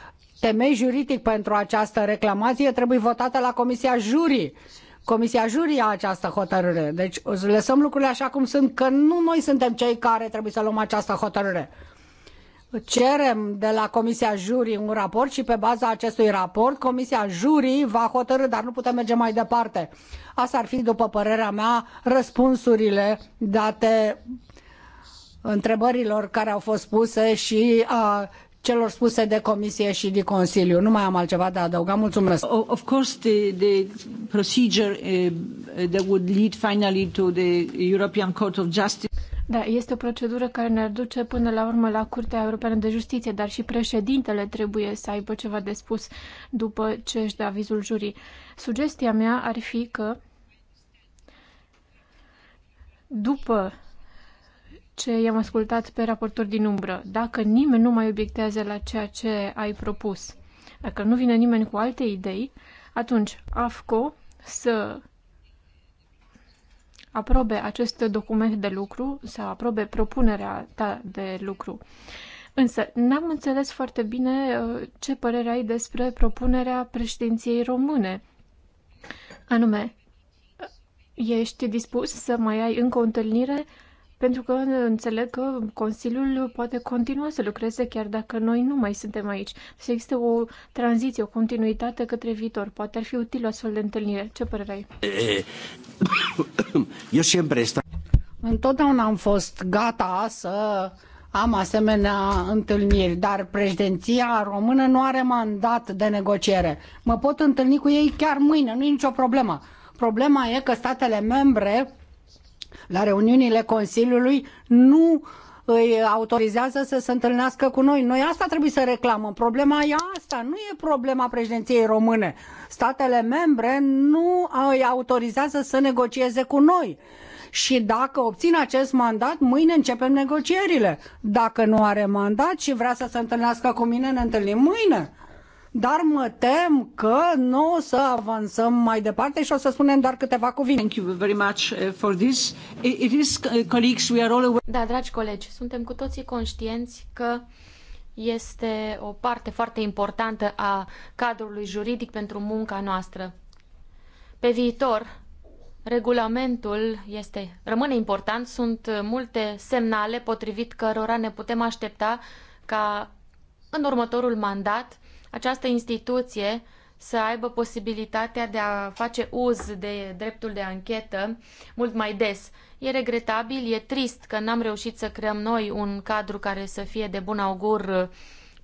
temei juridic pentru această reclamație, trebuie votată la Comisia Jurii. Comisia Jurii a această hotărâre. Deci lăsăm lucrurile așa cum sunt, că nu noi suntem cei care trebuie să luăm această hotărâre cerem de la Comisia juri un raport și pe baza acestui raport Comisia juri va hotărî, dar nu putem merge mai departe. Asta ar fi, după părerea mea, răspunsurile date întrebărilor care au fost puse și a celor spuse de Comisie și de Consiliu. Nu mai am altceva de adăugat. Mulțumesc. Of course, the, the procedure uh, that would lead finally to the European Court of Justice
da, este o procedură care ne-ar duce până la urmă la Curtea Europeană de Justiție, dar și președintele trebuie să aibă ceva de spus după ce își dă avizul jurii. Sugestia mea ar fi că după ce i-am ascultat pe raportori din umbră, dacă nimeni nu mai obiectează la ceea ce ai propus, dacă nu vine nimeni cu alte idei, atunci AFCO să aprobe acest document de lucru, să aprobe propunerea ta de lucru. Însă, n-am înțeles foarte bine uh, ce părere ai despre propunerea președinției române. Anume, uh, ești dispus să mai ai încă o întâlnire pentru că înțeleg că Consiliul poate continua să lucreze chiar dacă noi nu mai suntem aici. Deci există o tranziție, o continuitate către viitor. Poate ar fi util o astfel de întâlnire.
Ce părere ai? Eu sempre sta... Întotdeauna am fost gata să am asemenea întâlniri, dar președinția română nu are mandat de negociere. Mă pot întâlni cu ei chiar mâine, nu e nicio problemă. Problema e că statele membre la reuniunile Consiliului nu îi autorizează să se întâlnească cu noi. Noi asta trebuie să reclamăm. Problema e asta, nu e problema președinției române. Statele membre nu îi autorizează să negocieze cu noi. Și dacă obțin acest mandat, mâine începem negocierile. Dacă nu are mandat și vrea să se întâlnească cu mine, ne întâlnim mâine dar mă tem că nu o să avansăm mai departe și o să spunem doar câteva cuvinte. Thank you very much uh, for this. It is, uh, colleagues, we are all aware... Da, dragi colegi, suntem cu toții conștienți
că este o parte foarte importantă a cadrului juridic pentru munca noastră. Pe viitor, regulamentul este, rămâne important, sunt multe semnale potrivit cărora ne putem aștepta ca în următorul mandat această instituție să aibă posibilitatea de a face uz de dreptul de anchetă mult mai des. E regretabil, e trist că n-am reușit să creăm noi un cadru care să fie de bun augur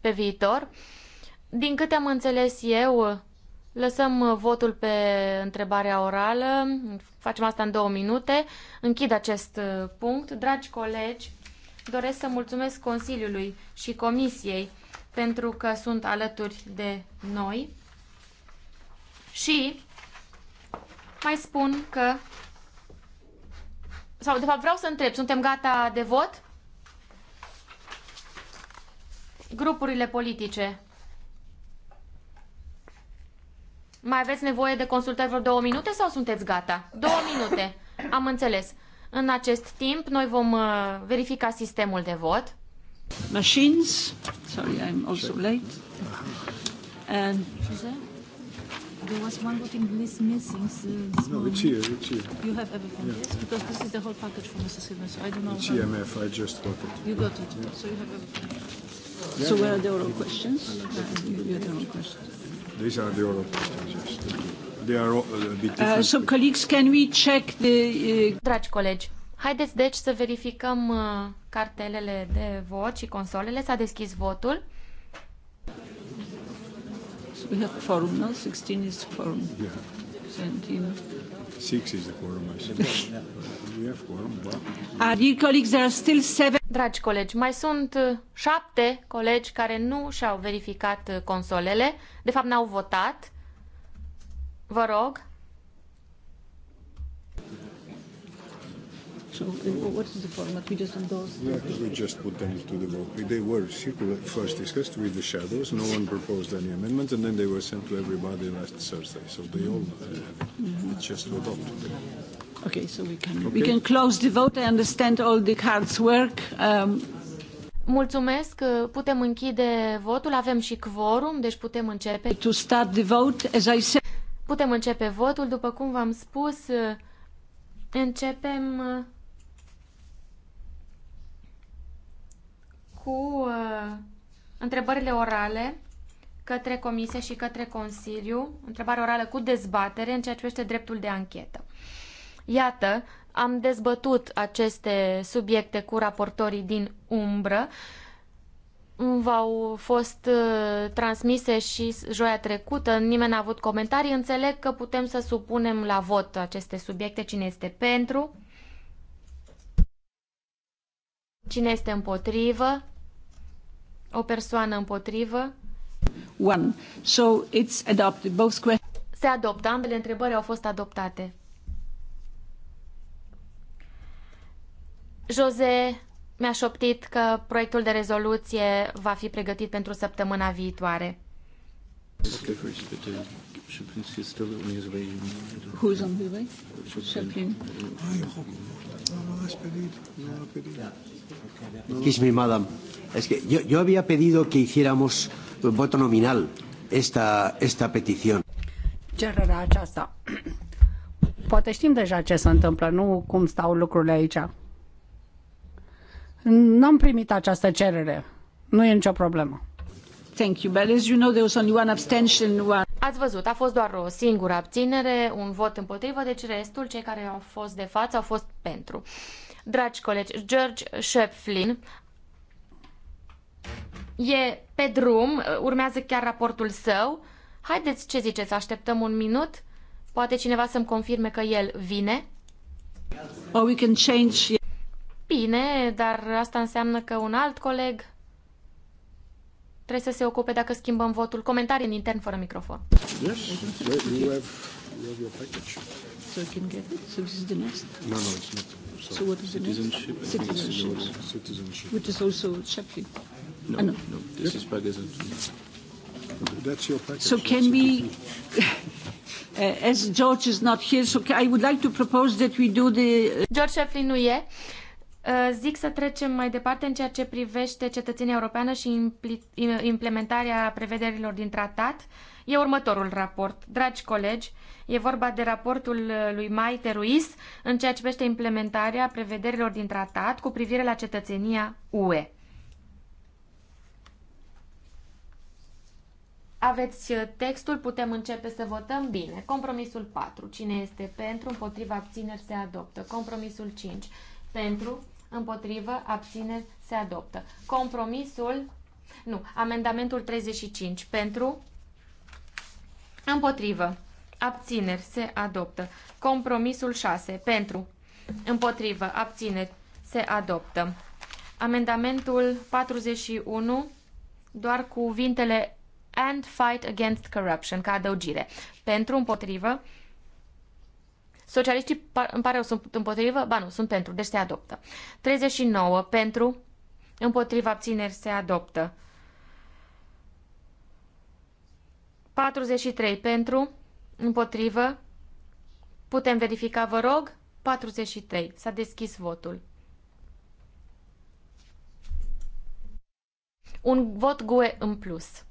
pe viitor. Din câte am înțeles eu, lăsăm votul pe întrebarea orală, facem asta în două minute, închid acest punct. Dragi colegi, doresc să mulțumesc Consiliului și Comisiei pentru că sunt alături de noi. Și mai spun că sau de fapt vreau să întreb, suntem gata de vot? Grupurile politice. Mai aveți nevoie de consultări vreo două minute sau sunteți gata? Două minute. Am înțeles. În acest timp, noi vom uh, verifica sistemul de vot
machines. Sorry, I'm also late.
And
there was one voting list missing. So no, it's here. It's here. You have everything, yeah. Because this is the whole package from Mrs. Silva, so I don't know. It's EMF.
I just got it.
You
got it. Yeah. So you have everything.
Yeah, so where are
the oral questions? Uh, you, you have the oral questions.
These are the oral questions. Yes. They are all a bit different. Uh,
so, colleagues, can we check the? Uh... Dragi
colegi, haideți deci să verificăm. Uh, cartelele de vot și consolele. S-a deschis votul.
we have quorum now.
16 is quorum. Yeah. 17.
6 is the quorum, I suppose. we have quorum. But...
Are you colleagues, there are still seven... Dragi colegi, mai sunt uh, șapte colegi care nu și-au verificat uh, consolele. De fapt, n-au votat. Vă rog,
So uh, what is the format? We just endorsed? We just put them to the vote. They were circular, first discussed with the shadows. No one proposed any amendment, and then they were sent to everybody last Thursday. So they all uh,
mm-hmm.
it's just to adopt.
Okay, so we can okay. we can
close the vote. I understand all the cards work. Um, Mulțumesc, putem închide votul, avem și quorum, deci putem începe. To start the vote, as I said. Putem începe votul, după cum v-am spus, începem cu uh, întrebările orale către Comisie și către Consiliu, întrebare orală cu dezbatere în ceea ce privește dreptul de anchetă. Iată, am dezbătut aceste subiecte cu raportorii din umbră. V-au fost uh, transmise și joia trecută, nimeni n-a avut comentarii. Înțeleg că putem să supunem la vot aceste subiecte, cine este pentru, cine este împotrivă, o persoană împotrivă.
One. So it's adopted.
Both questions. Se adoptă. Ambele întrebări au fost adoptate. Jose mi-a șoptit că proiectul de rezoluție va fi pregătit pentru săptămâna viitoare. Who's on Excuse me, madam. Es que yo,
yo había pedido que hiciéramos voto nominal esta, esta petición.
Cererea aceasta. Poate știm deja ce se întâmplă, nu cum stau lucrurile aici. N-am primit această cerere. Nu e nicio problemă. Thank you, but as you know, there was only one abstention, one... Ați văzut, a
fost doar o singură abținere, un vot împotrivă, deci restul, cei care au fost de față, au fost pentru. Dragi colegi, George Shep Flynn E pe drum, urmează chiar raportul său. Haideți, ce ziceți, așteptăm un minut? Poate cineva să-mi confirme că el vine?
Or we can change...
Bine, dar asta înseamnă că un alt coleg trebuie să se ocupe dacă schimbăm votul. Comentarii în intern fără microfon. Yes, you
have, you have your package. So can get it. So this is the next. No, no, it's not. So, so what is the next? Citizenship. Citizenship. Citizenship. Which is also No, uh, no. no this yep. is That's your package. So can we, uh, as George is not here, so I would like to propose that we do the... Uh,
George Shefflin nu e. Uh, zic să trecem mai departe în ceea ce privește cetățenia europeană și implementarea prevederilor din tratat. E următorul raport. Dragi colegi, e vorba de raportul uh, lui Maite Ruiz în ceea ce privește implementarea prevederilor din tratat cu privire la cetățenia UE. Aveți uh, textul, putem începe să votăm? Bine. Compromisul 4. Cine este pentru, împotriva, abțineri, se adoptă. Compromisul 5. Pentru, împotrivă, abțineri, se adoptă. Compromisul, nu, amendamentul 35. Pentru, împotrivă, abțineri, se adoptă. Compromisul 6. Pentru, împotrivă, abțineri, se adoptă. Amendamentul 41, doar cuvintele and fight against corruption, ca adăugire. Pentru, împotrivă, socialiștii, îmi pare, sunt împotrivă, ba nu, sunt pentru, deci se adoptă. 39, pentru, împotriva abțineri, se adoptă. 43, pentru, împotrivă, putem verifica, vă rog, 43, s-a deschis votul. Un vot GUE în plus.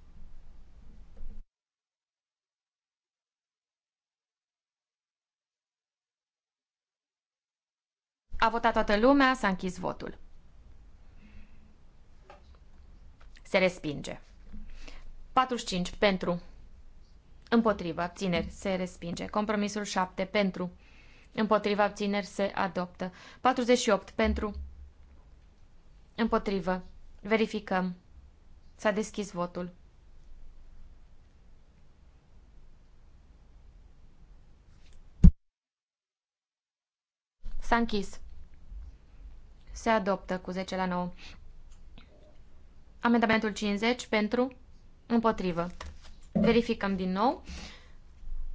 A votat toată lumea, s-a închis votul. Se respinge. 45 pentru. Împotriva abțineri se respinge. Compromisul 7 pentru. Împotriva abțineri se adoptă. 48 pentru. Împotrivă. Verificăm. S-a deschis votul. S-a închis. Se adoptă cu 10 la 9. Amendamentul 50 pentru, împotrivă. Verificăm din nou.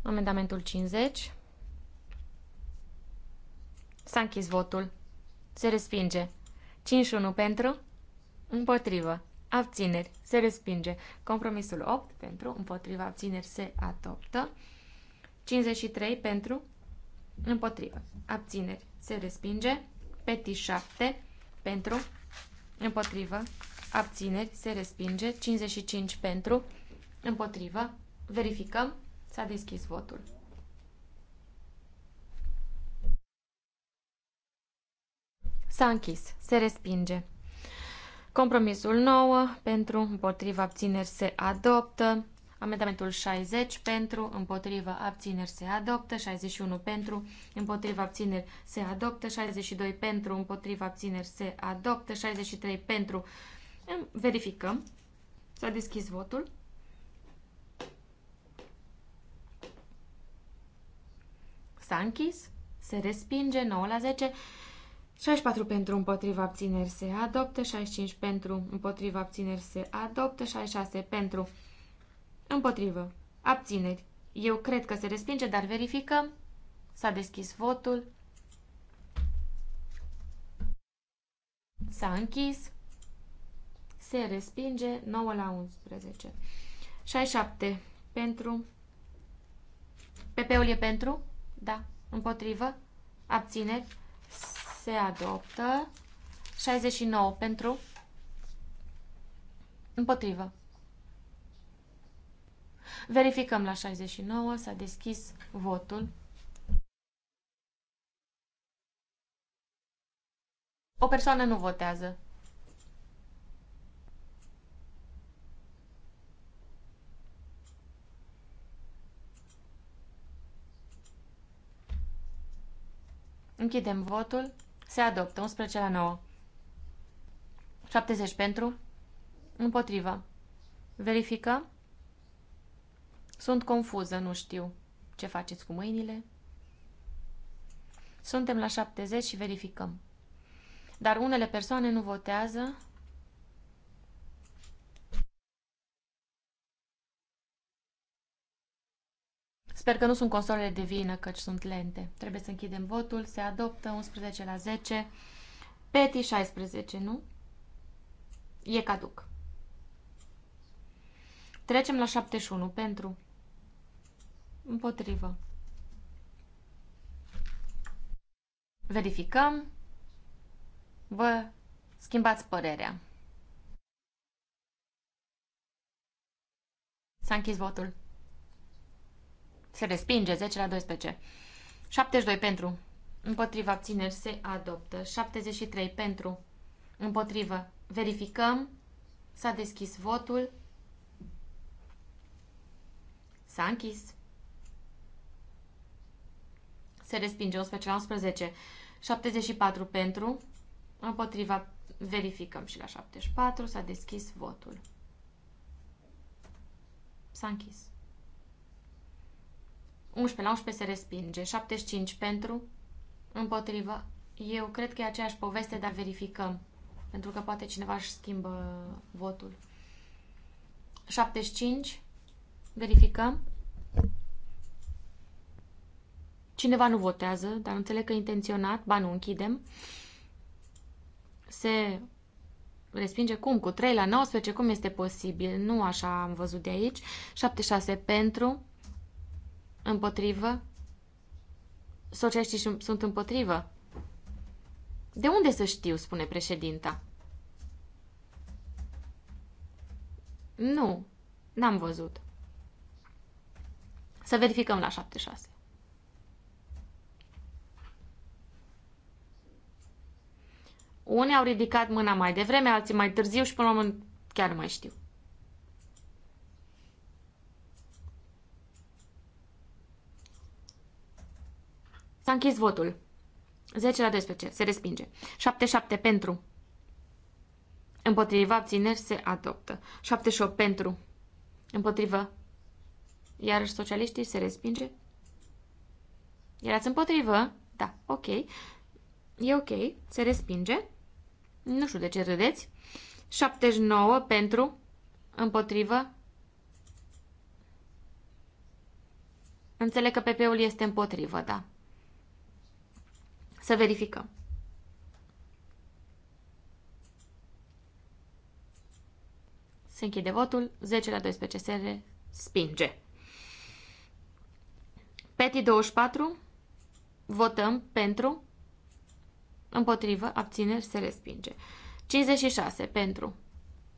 Amendamentul 50. S-a închis votul. Se respinge. 51 pentru, împotrivă. Abțineri. Se respinge. Compromisul 8 pentru, împotriva, abțineri se adoptă. 53 pentru, împotrivă. Abțineri. Se respinge. Peti 7 pentru, împotrivă, abțineri, se respinge. 55 pentru, împotrivă, verificăm, s-a deschis votul. S-a închis, se respinge. Compromisul 9 pentru, împotriva abțineri se adoptă. Amendamentul 60 pentru, împotriva abțineri se adoptă, 61 pentru, împotriva abțineri se adoptă, 62 pentru, împotriva abțineri se adoptă, 63 pentru. Verificăm. S-a deschis votul. S-a închis. Se respinge 9 la 10. 64 pentru împotriva abțineri se adoptă, 65 pentru împotriva abțineri se adoptă, 66 pentru Împotrivă. Abțineri. Eu cred că se respinge, dar verificăm. S-a deschis votul. S-a închis. Se respinge 9 la 11. 67. Pentru. PP-ul e pentru? Da. Împotrivă? Abțineri? Se adoptă. 69. Pentru? Împotrivă. Verificăm la 69, s-a deschis votul. O persoană nu votează. Închidem votul. Se adoptă. 11 la 9. 70 pentru. Împotrivă. Verificăm. Sunt confuză, nu știu ce faceți cu mâinile. Suntem la 70 și verificăm. Dar unele persoane nu votează. Sper că nu sunt consolele de vină, căci sunt lente. Trebuie să închidem votul. Se adoptă 11 la 10. Peti 16, nu? E caduc. Trecem la 71 pentru Împotrivă. Verificăm. Vă schimbați părerea. S-a închis votul. Se respinge 10 la 12. 72 pentru. Împotriva abțineri se adoptă. 73 pentru. Împotrivă. Verificăm. S-a deschis votul. S-a închis se respinge 11 la 11, 74 pentru, împotriva, verificăm și la 74, s-a deschis votul. S-a închis. 11 la 11 se respinge, 75 pentru, împotriva, eu cred că e aceeași poveste, dar verificăm, pentru că poate cineva își schimbă votul. 75, verificăm. Cineva nu votează, dar înțeleg că intenționat, ba nu închidem. Se respinge cum? Cu 3 la 19? Cum este posibil? Nu așa am văzut de aici. 7-6 pentru, împotrivă. Socialiștii sunt împotrivă. De unde să știu, spune președinta. Nu, n-am văzut. Să verificăm la 76. Unii au ridicat mâna mai devreme, alții mai târziu și până la moment chiar nu mai știu. S-a închis votul. 10 la 12. Se respinge. 7-7 pentru. Împotriva abțineri se adoptă. 78 pentru. Împotrivă. Iar socialiștii se respinge. Erați împotrivă? Da, ok. E ok. Se respinge. Nu știu de ce râdeți. 79 pentru, împotrivă. Înțeleg că PP-ul este împotrivă, da. Să verificăm. Se închide votul. 10 la 12 se spinge. Peti 24. Votăm pentru. Împotrivă, abțineri, se respinge. 56. Pentru.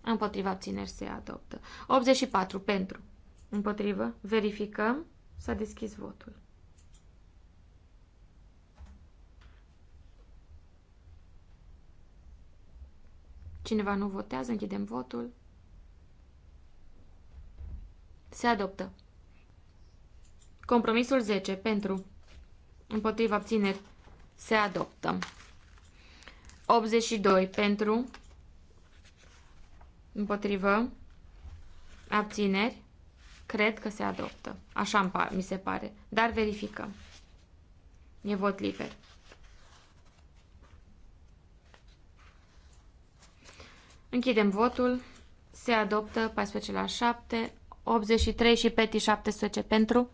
Împotrivă, abțineri, se adoptă. 84. Pentru. Împotrivă, verificăm. S-a deschis votul. Cineva nu votează, închidem votul. Se adoptă. Compromisul 10. Pentru. Împotriva abțineri. Se adoptă. 82 pentru, împotrivă, abțineri, cred că se adoptă. Așa mi se pare. Dar verificăm. E vot liber. Închidem votul. Se adoptă 14 la 7, 83 și peti 17 pentru,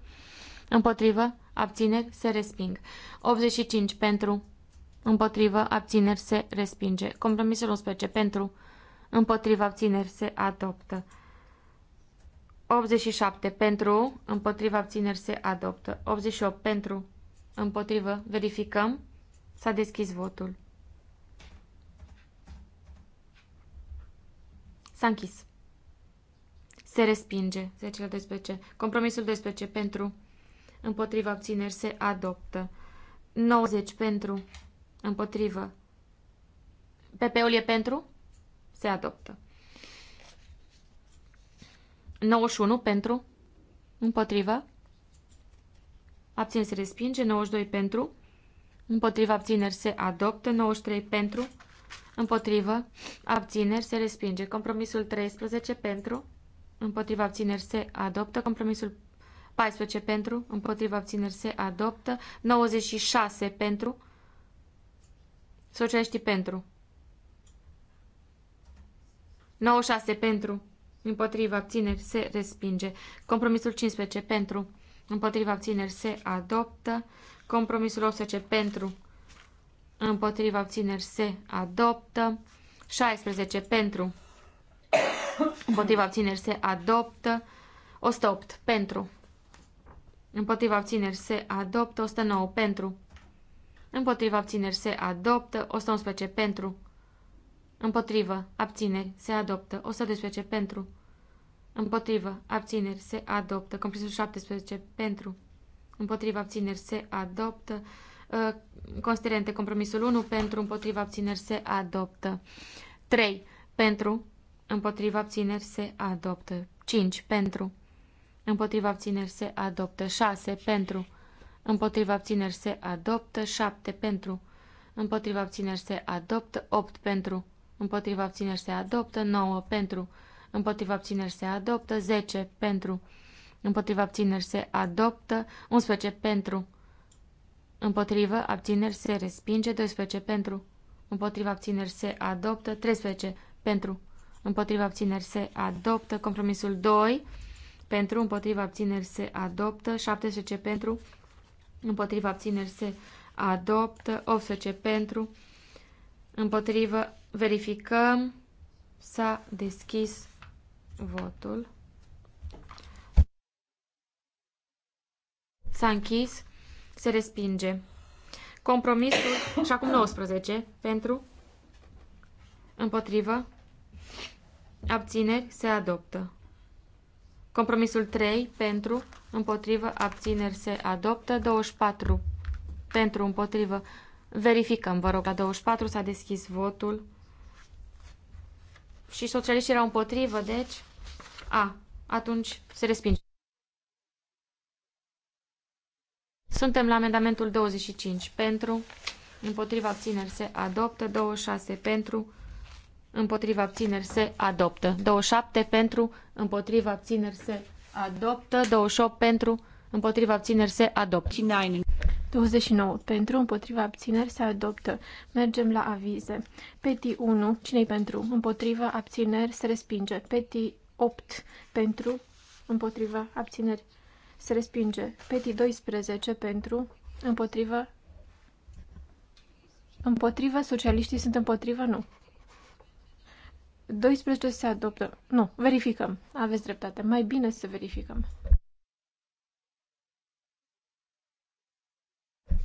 împotrivă, abțineri, se resping. 85 pentru, împotrivă, abțineri, se respinge. Compromisul 11 pentru, împotrivă, abțineri, se adoptă. 87 pentru, împotrivă, abțineri, se adoptă. 88 pentru, împotrivă, verificăm, s-a deschis votul. S-a închis. Se respinge. 10 la 12. Compromisul 12 pentru. Împotriva abțineri se adoptă. 90 pentru. Împotrivă. PP-ul e pentru? Se adoptă. 91 pentru? Împotrivă. Abțineri se respinge. 92 pentru? Împotrivă abțineri se adoptă. 93 pentru? Împotrivă abțineri se respinge. Compromisul 13 pentru? Împotrivă abțineri se adoptă. Compromisul 14 pentru? Împotrivă abțineri se adoptă. 96 pentru? Socialiștii pentru. 96 pentru. Împotriva abțineri se respinge. Compromisul 15 pentru. Împotriva abțineri se adoptă. Compromisul 18 pentru. Împotriva abțineri se adoptă. 16 pentru. Împotriva abțineri se adoptă. 108 pentru. Împotriva abțineri se adoptă. 109 pentru. Împotriva abțineri se adoptă. 111 pentru. Împotrivă. Abțineri se adoptă. 112 pentru. Împotrivă. Abțineri se adoptă. Compromisul 17 pentru. Împotriva abțineri se adoptă. Considerente compromisul 1 pentru împotriva abțineri se adoptă. 3 pentru împotriva abțineri se adoptă. 5 ă, pentru împotriva abțineri se adoptă. 6 pentru împotriva abțineri se adoptă, 7 pentru, împotriva abțineri se adoptă, 8 pentru, împotriva abțineri se adoptă, 9 pentru, împotriva abțineri se adoptă, 10 pentru, împotriva abțineri se adoptă, 11 pentru, împotriva abțineri se respinge, 12 pentru, împotriva abțineri se adoptă, 13 pentru, împotriva abțineri se adoptă, compromisul 2 pentru, împotriva abțineri se adoptă, 17 pentru, împotriva abțineri se adoptă, 18 pentru, împotrivă, verificăm, s-a deschis votul. S-a închis, se respinge. Compromisul, și acum 19, pentru, împotrivă, abțineri, se adoptă. Compromisul 3 pentru, împotrivă, abțineri se adoptă. 24 pentru, împotrivă. Verificăm, vă rog, la 24 s-a deschis votul. Și socialiștii erau împotrivă, deci... A, atunci se respinge. Suntem la amendamentul 25 pentru, împotriva abțineri se adoptă, 26 pentru, împotriva abțineri se adoptă. 27 pentru, împotriva abțineri se adoptă. 28 pentru, împotriva abțineri se adoptă. 29 pentru, împotriva abțineri se adoptă.
Mergem la avize. Peti 1, cine pentru? Împotriva abțineri se respinge. Peti 8 pentru, împotriva abțineri se respinge. Peti 12 pentru, împotriva împotriva socialiștii sunt împotriva nu. 12 se adoptă. Nu, verificăm. Aveți dreptate. Mai bine să verificăm.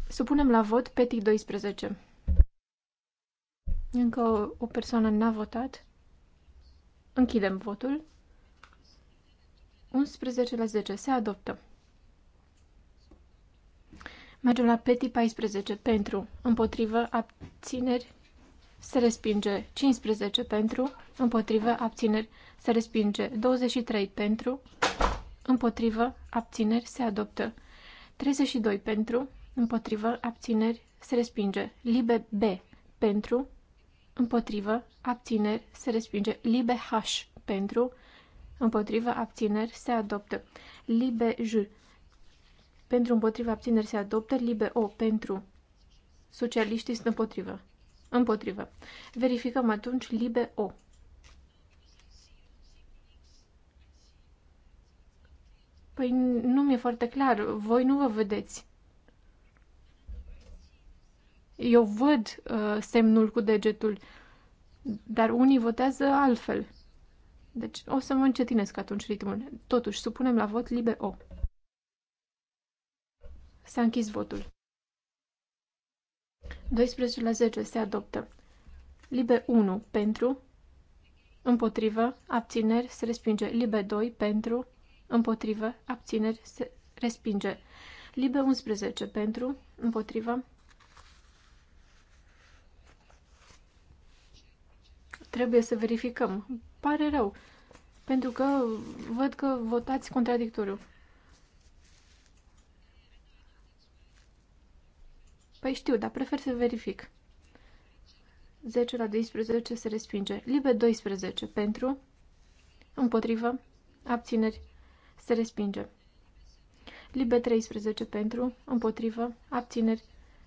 Supunem la vot PETI 12. Încă o, o persoană n-a votat. Închidem votul. 11 la 10 se adoptă. Mergem la PETI 14 pentru, împotrivă, abțineri, se respinge 15 pentru, împotrivă, abțineri, se respinge 23 pentru, împotrivă, abțineri, se adoptă 32 pentru, împotrivă, abțineri, se respinge libe B pentru, împotrivă, abțineri, se respinge libe H pentru, împotrivă, abțineri, se adoptă libe J pentru, împotrivă, abțineri, se adoptă libe O pentru, socialiștii sunt împotrivă. Împotrivă. Verificăm atunci libe O. Păi nu mi-e foarte clar. Voi nu vă vedeți. Eu văd uh, semnul cu degetul, dar unii votează altfel. Deci o să mă încetinesc atunci ritmul. Totuși, supunem la vot libe O. S-a închis votul. 12 la 10 se adoptă. Libe 1 pentru, împotrivă, abțineri, se respinge. Libe 2 pentru, împotrivă, abțineri, se respinge. Libe 11 pentru, împotrivă. Trebuie să verificăm. Pare rău, pentru că văd că votați contradictoriu. Păi știu, dar prefer să verific. 10 la 12 se respinge. Libe 12 pentru, împotrivă, abțineri, se respinge. Libe 13 pentru, împotrivă, abțineri,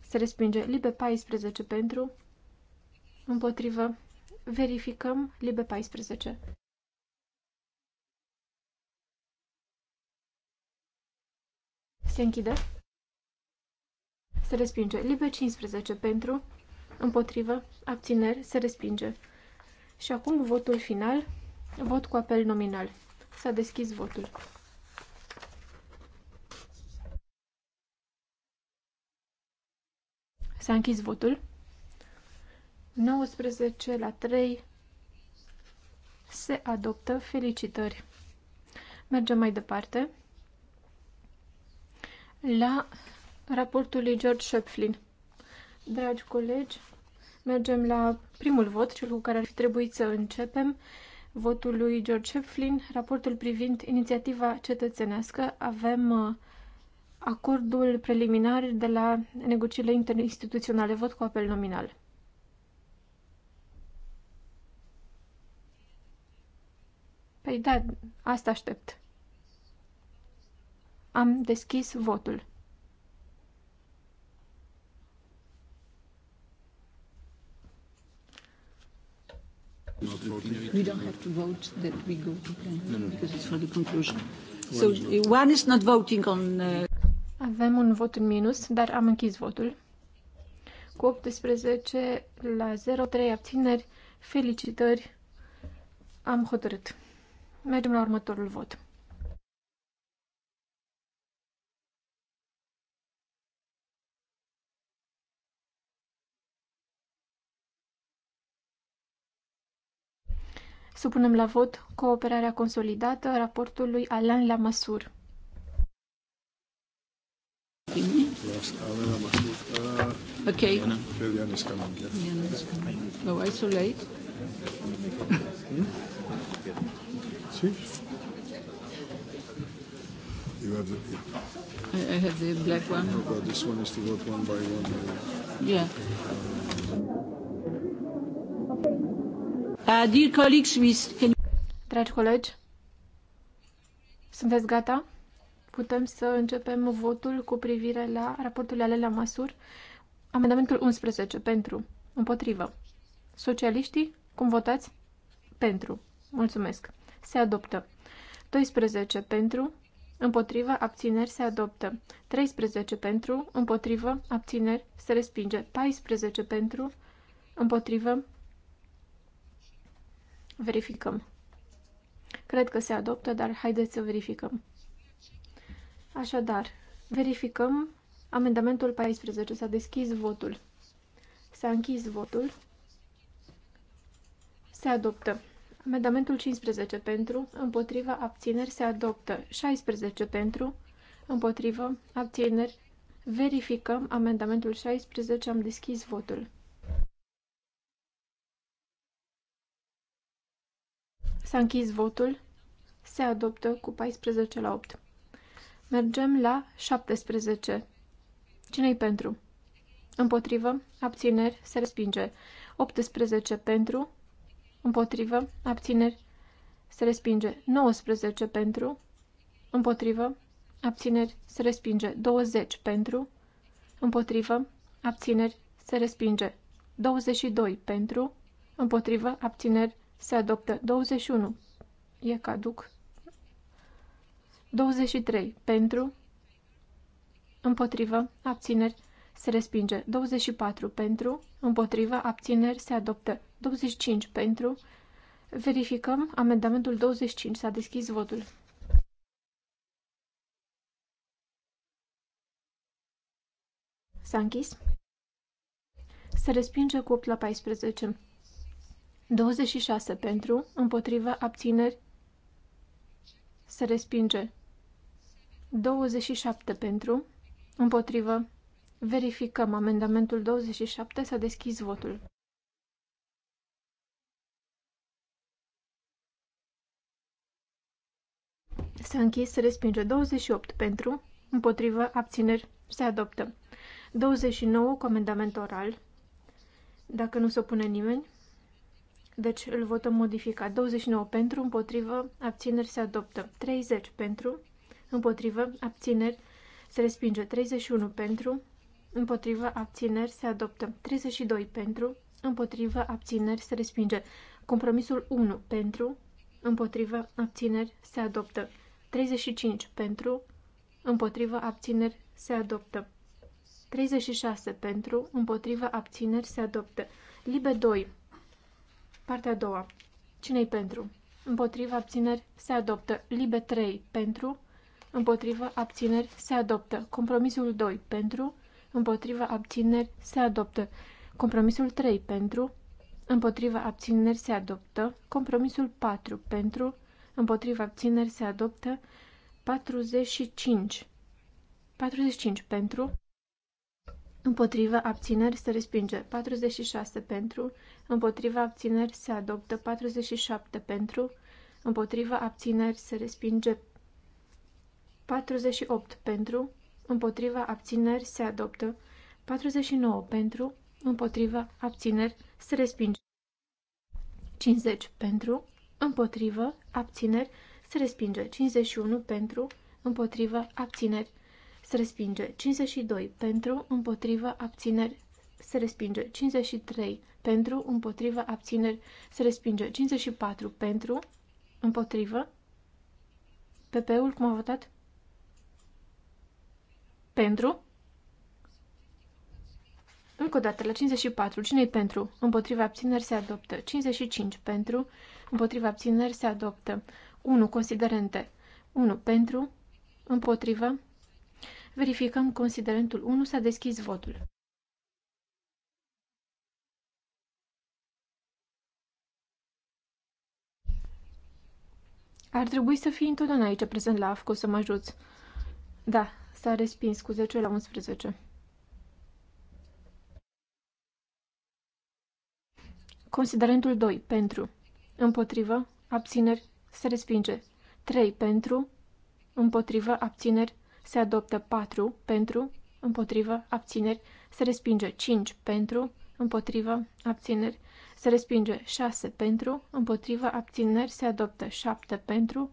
se respinge. Libe 14 pentru, împotrivă, verificăm, libe 14. Se închide se respinge. Liber 15 pentru, împotrivă, abțineri, se respinge. Și acum votul final, vot cu apel nominal. S-a deschis votul. S-a închis votul. 19 la 3 se adoptă. Felicitări! Mergem mai departe la raportul lui George Schöpflin. Dragi colegi, mergem la primul vot, cel cu care ar fi trebuit să începem. Votul lui George Schöpflin, raportul privind inițiativa cetățenească. Avem uh, acordul preliminar de la negocierile interinstituționale. Vot cu apel nominal. Păi da, asta aștept. Am deschis votul.
We don't have to vote that we go to plan no, no. because it's for the conclusion. So one is not voting on. Uh...
Avem un vot în minus, dar am închis votul. Cu 18 la 03 abțineri, felicitări, am hotărât. Mergem la următorul vot. Supunem la vot cooperarea consolidată a raportului Alain Lamassoure.
Ok. No, I so late. See? You have the. Yeah. I have the black one. No, but this one is to vote one by one. Yeah.
Uh, Dragi colegi, sunteți gata? Putem să începem votul cu privire la raportul ale la măsuri. Amendamentul 11 pentru, împotrivă. Socialiștii, cum votați? Pentru. Mulțumesc. Se adoptă. 12 pentru, împotrivă, abțineri, se adoptă. 13 pentru, împotrivă, abțineri, se respinge. 14 pentru, împotrivă, Verificăm. Cred că se adoptă, dar haideți să verificăm. Așadar, verificăm amendamentul 14. S-a deschis votul. S-a închis votul. Se adoptă. Amendamentul 15 pentru, împotriva, abțineri, se adoptă. 16 pentru, împotrivă, abțineri. Verificăm amendamentul 16. Am deschis votul. S-a închis votul. Se adoptă cu 14 la 8. Mergem la 17. Cine-i pentru? Împotrivă, abțineri, se respinge. 18 pentru, împotrivă, abțineri, se respinge. 19 pentru, împotrivă, abțineri, se respinge. 20 pentru, împotrivă, abțineri, se respinge. 22 pentru, împotrivă, abțineri, se adoptă 21. E caduc. 23. Pentru. Împotrivă. Abțineri. Se respinge. 24. Pentru. Împotrivă. Abțineri. Se adoptă. 25. Pentru. Verificăm amendamentul 25. S-a deschis votul. S-a închis. Se respinge cu 8 la 14. 26 pentru, împotrivă, abțineri, se respinge. 27 pentru, împotrivă, verificăm amendamentul 27, s-a deschis votul. S-a închis, se respinge 28 pentru, împotrivă, abțineri, se adoptă. 29 comandament oral, dacă nu se opune nimeni. Deci îl votăm modificat. 29 pentru, împotrivă, abțineri se adoptă. 30 pentru, împotrivă, abțineri se respinge. 31 pentru, împotrivă, abțineri se adoptă. 32 pentru, împotrivă, abțineri se respinge. Compromisul 1 pentru, împotrivă, abțineri se adoptă. 35 pentru, împotrivă, abțineri se adoptă. 36 pentru, împotrivă, abțineri se adoptă. Libe 2 Partea a doua. Cine-i pentru? Împotriva abțineri se adoptă. Libe 3 pentru. Împotriva abțineri se adoptă. Compromisul 2 pentru. Împotriva abțineri se adoptă. Compromisul 3 pentru. Împotriva abțineri se adoptă. Compromisul 4 pentru. Împotriva abțineri se adoptă. 45. 45 pentru. Împotrivă abțineri se respinge 46 pentru, împotrivă abțineri se adoptă 47 pentru, împotrivă abțineri se respinge 48 pentru, împotrivă abțineri se adoptă 49 pentru, împotrivă abțineri se respinge 50 pentru, împotrivă abțineri se respinge 51 pentru, împotrivă abțineri se respinge 52 pentru, împotrivă, abțineri, se respinge 53 pentru, împotrivă, abțineri, se respinge 54 pentru, împotrivă, PP-ul cum a votat? Pentru? Încă o dată, la 54, cine-i pentru? Împotriva abțineri se adoptă. 55 pentru, împotriva abțineri se adoptă. 1. Considerente. 1. Pentru, împotriva, Verificăm considerentul 1. S-a deschis votul. Ar trebui să fii întotdeauna aici prezent la AFCO să mă ajuți. Da, s-a respins cu 10 la 11. Considerentul 2. Pentru. Împotrivă. Abțineri. Se respinge. 3. Pentru. Împotrivă. Abțineri. Se adoptă 4 pentru, împotrivă, abțineri. Se respinge 5 pentru, împotrivă, abțineri. Se respinge 6 pentru, împotrivă, abțineri. Se adoptă 7 pentru,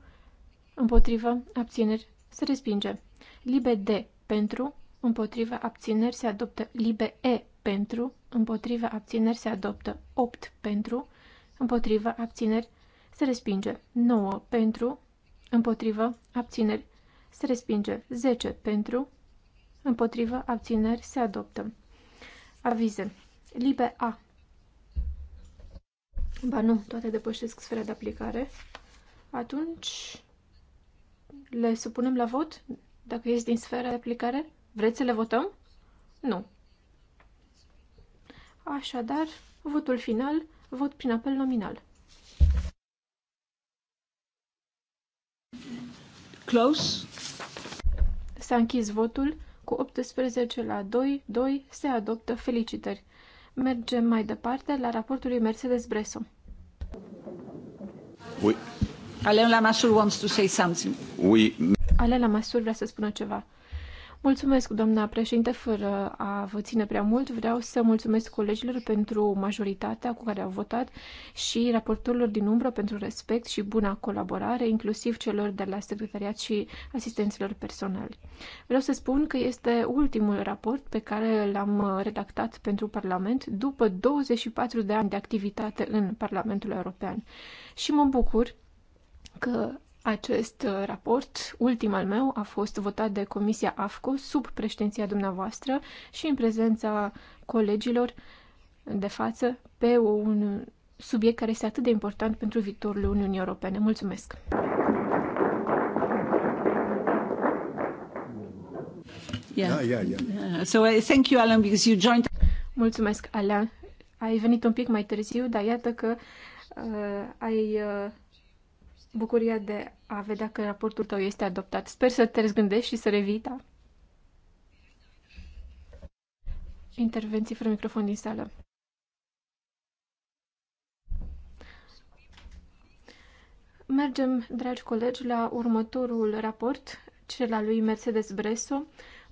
împotrivă, abțineri. Se respinge. Libe D pentru, împotrivă, abțineri. Se adoptă libe E pentru, împotrivă, abțineri. Se adoptă 8 pentru, împotrivă, abțineri. Se respinge 9 pentru, împotrivă, abțineri se respinge. 10 pentru, împotrivă, abțineri, se adoptă. Avize. Libe A. Ba nu, toate depășesc sfera de aplicare. Atunci le supunem la vot? Dacă ești din sfera de aplicare? Vreți să le votăm? Nu. Așadar, votul final, vot prin apel nominal. Close. S-a închis votul cu 18 la 2, 2 se adoptă. Felicitări! Mergem mai departe la raportul lui Mercedes Bresso. Oui.
Alain Lamassoul wants to say something.
Oui. Alain Lamassoul vrea să spună ceva. Mulțumesc, doamna președinte, fără a vă ține prea mult. Vreau să mulțumesc colegilor pentru majoritatea cu care au votat și raportorilor din umbră pentru respect și buna colaborare, inclusiv celor de la secretariat și asistenților personali. Vreau să spun că este ultimul raport pe care l-am redactat pentru Parlament după 24 de ani de activitate în Parlamentul European. Și mă bucur că acest uh, raport, ultim al meu, a fost votat de Comisia AFCO sub președinția dumneavoastră și în prezența colegilor de față pe un subiect care este atât de important pentru viitorul Uniunii Europene. Mulțumesc! Yeah. Ah, yeah, yeah, uh, So, uh, thank you, Alan,
because you joined...
Mulțumesc, Alan. Ai venit un pic mai târziu, dar iată că uh, ai uh, bucuria de a vedea că raportul tău este adoptat. Sper să te răzgândești și să revii, da? Intervenții fără microfon din sală. Mergem, dragi colegi, la următorul raport, cel al lui Mercedes Bresso,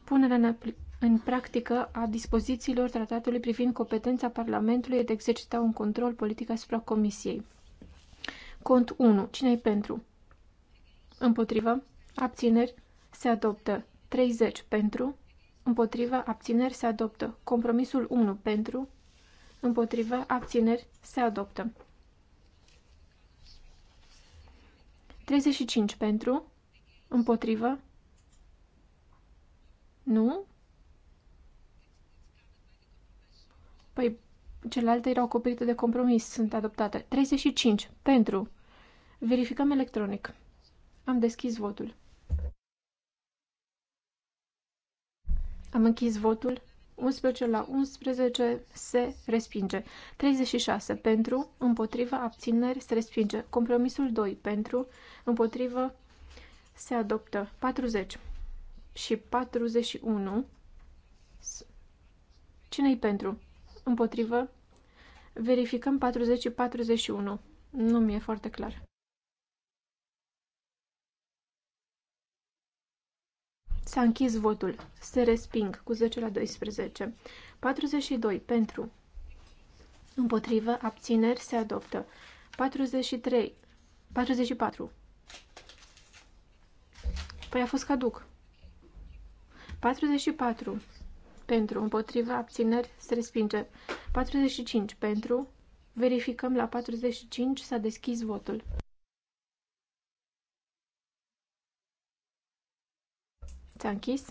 punerea în, în practică a dispozițiilor tratatului privind competența Parlamentului de a exercita un control politic asupra Comisiei. Cont 1. cine e pentru? Împotrivă. Abțineri. Se adoptă. 30 pentru. Împotrivă. Abțineri. Se adoptă. Compromisul 1 pentru. Împotrivă. Abțineri. Se adoptă. 35 pentru. Împotrivă. Nu? Păi, celelalte erau acoperite de compromis, sunt adoptate. 35 pentru. Verificăm electronic. Am deschis votul. Am închis votul. 11 la 11 se respinge. 36 pentru, împotrivă, abțineri, se respinge. Compromisul 2 pentru, împotrivă, se adoptă. 40 și 41. cine e pentru? Împotrivă. Verificăm 40 și 41. Nu mi-e foarte clar. S-a închis votul. Se resping cu 10 la 12. 42 pentru. Împotrivă, abțineri, se adoptă. 43. 44. Păi a fost caduc. 44. Pentru, împotrivă, abțineri, se respinge. 45. Pentru. Verificăm la 45 s-a deschis votul. S-a închis.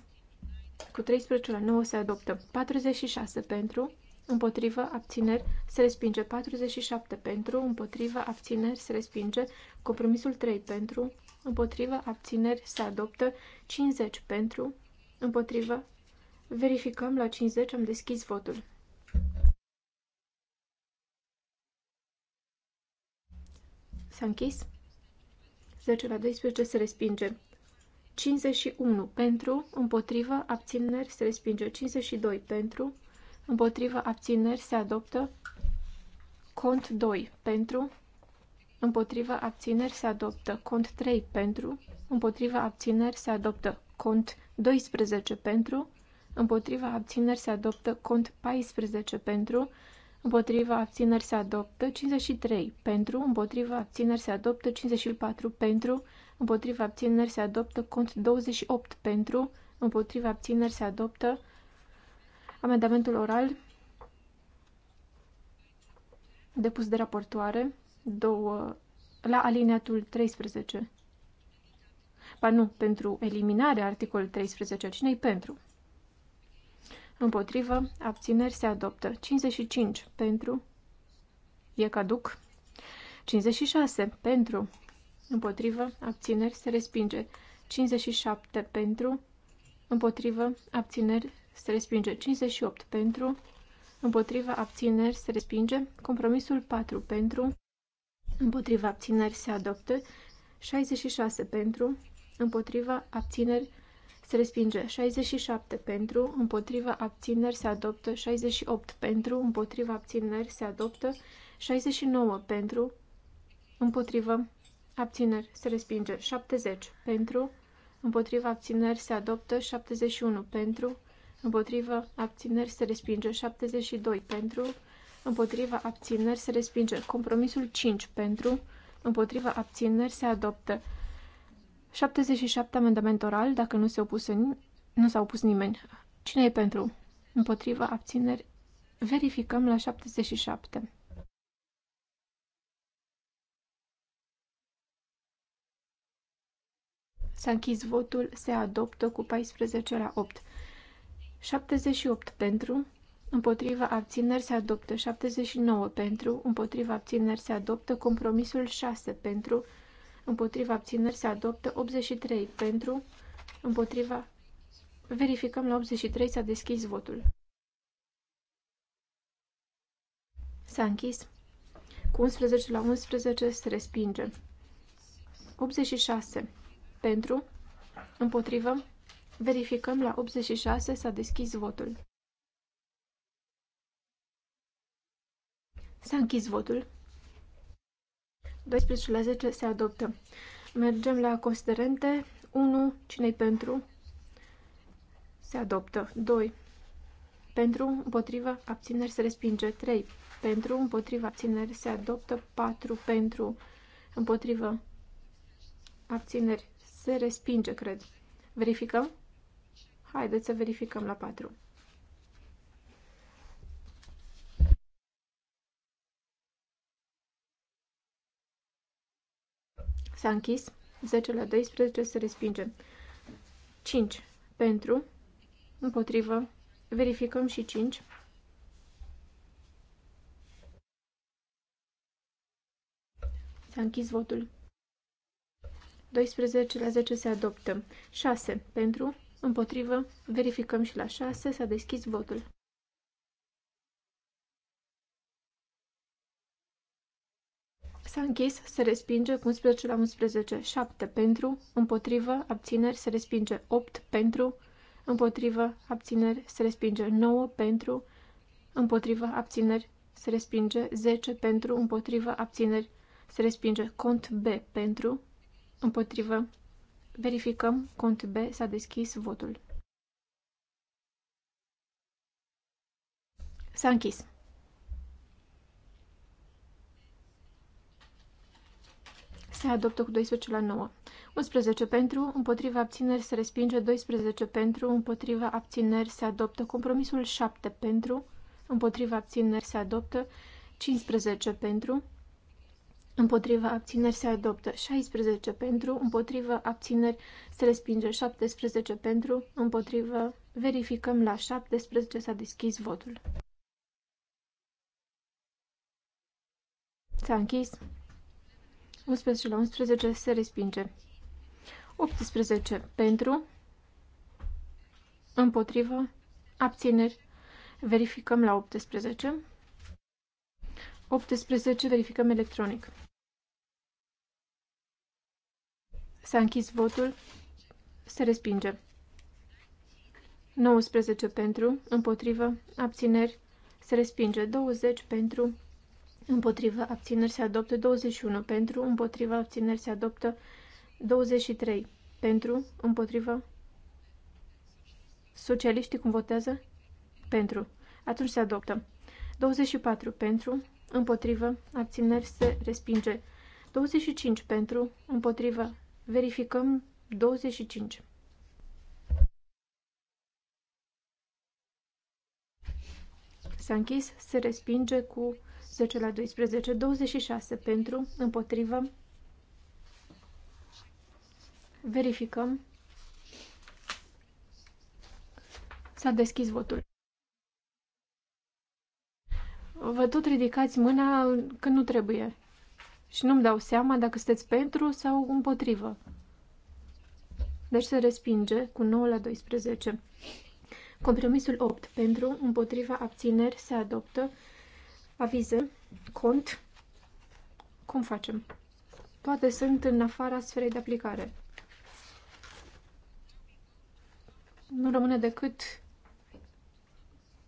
Cu 13 la 9 se adoptă. 46 pentru, împotrivă, abțineri, se respinge. 47 pentru, împotrivă, abțineri, se respinge. Compromisul 3 pentru, împotrivă, abțineri, se adoptă. 50 pentru, împotrivă. Verificăm la 50, am deschis votul. S-a închis. 10 la 12 se respinge. 51 pentru, împotrivă, abțineri, se respinge. 52 pentru, împotrivă, abțineri, se adoptă. Cont 2 pentru, împotrivă, abțineri, se adoptă. Cont 3 pentru, împotrivă, abțineri, se adoptă. Cont 12 pentru, împotrivă, abțineri, se adoptă. Cont 14 pentru, împotriva abțineri se adoptă 53 pentru, împotriva abțineri se adoptă 54 pentru, împotriva abțineri se adoptă cont 28 pentru, împotriva abțineri se adoptă amendamentul oral depus de raportoare două, la alineatul 13. Ba nu, pentru eliminarea articolului 13, cine pentru? Împotrivă, abțineri se adoptă. 55 pentru. E caduc. 56 pentru. Împotrivă, abțineri se respinge. 57 pentru. Împotrivă, abțineri se respinge. 58 pentru. Împotrivă, abțineri se respinge. Compromisul 4 pentru. Împotrivă, abțineri se adoptă. 66 pentru. Împotrivă, abțineri se se respinge 67 pentru, împotriva abțineri se adoptă 68 pentru, împotriva abțineri se adoptă 69 pentru, împotriva abțineri se respinge 70 pentru, împotriva abțineri se adoptă 71 pentru, împotriva abțineri se respinge 72 pentru, împotriva abțineri se respinge compromisul 5 pentru, împotriva abțineri se adoptă 77 amendament oral, dacă nu, se opuse, nu s-a opus nimeni. Cine e pentru? Împotriva abțineri. Verificăm la 77. S-a închis votul, se adoptă cu 14 la 8. 78 pentru, împotriva abțineri se adoptă 79 pentru, împotriva abțineri se adoptă compromisul 6 pentru, împotriva abțineri se adoptă 83 pentru, împotriva... Verificăm la 83 s-a deschis votul. S-a închis. Cu 11 la 11 se respinge. 86 pentru, împotrivă, verificăm la 86 s-a deschis votul. S-a închis votul. 12 la 10 se adoptă. Mergem la considerente. 1. Cine-i pentru? Se adoptă. 2. Pentru, împotriva, abțineri se respinge. 3. Pentru, împotriva, abțineri se adoptă. 4. Pentru, împotriva, abțineri se respinge, cred. Verificăm? Haideți să verificăm la 4. S-a închis. 10 la 12 se respinge. 5. Pentru. Împotrivă. Verificăm și 5. S-a închis votul. 12 la 10 se adoptă. 6. Pentru. Împotrivă. Verificăm și la 6. S-a deschis votul. S-a închis, se respinge 11 la 11, 7 pentru, împotrivă, abțineri, se respinge 8 pentru, împotrivă, abțineri, se respinge 9 pentru, împotrivă, abțineri, se respinge 10 pentru, împotrivă, abțineri, se respinge cont B pentru, împotrivă, verificăm, cont B s-a deschis votul. S-a închis. se adoptă cu 12 la 9. 11 pentru, împotriva abțineri se respinge, 12 pentru, împotriva abțineri se adoptă, compromisul 7 pentru, împotriva abțineri se adoptă, 15 pentru, împotriva abțineri se adoptă, 16 pentru, împotriva abțineri se respinge, 17 pentru, împotriva, verificăm la 17 s-a deschis votul. S-a închis. 11 la 11 se respinge. 18 pentru, împotrivă, abțineri. Verificăm la 18. 18 verificăm electronic. S-a închis votul. Se respinge. 19 pentru, împotrivă, abțineri. Se respinge. 20 pentru, împotrivă abțineri se adoptă 21 pentru, împotrivă abțineri se adoptă 23 pentru, împotrivă socialiștii cum votează? Pentru. Atunci se adoptă. 24 pentru, împotrivă, abțineri se respinge. 25 pentru, împotrivă, verificăm 25. S-a închis, se respinge cu 10 la 12, 26 pentru, împotrivă. Verificăm. S-a deschis votul. Vă tot ridicați mâna când nu trebuie. Și nu-mi dau seama dacă sunteți pentru sau împotrivă. Deci se respinge cu 9 la 12. Compromisul 8 pentru, împotriva, abțineri se adoptă Avize, cont, cum facem? Toate sunt în afara sferei de aplicare. Nu rămâne decât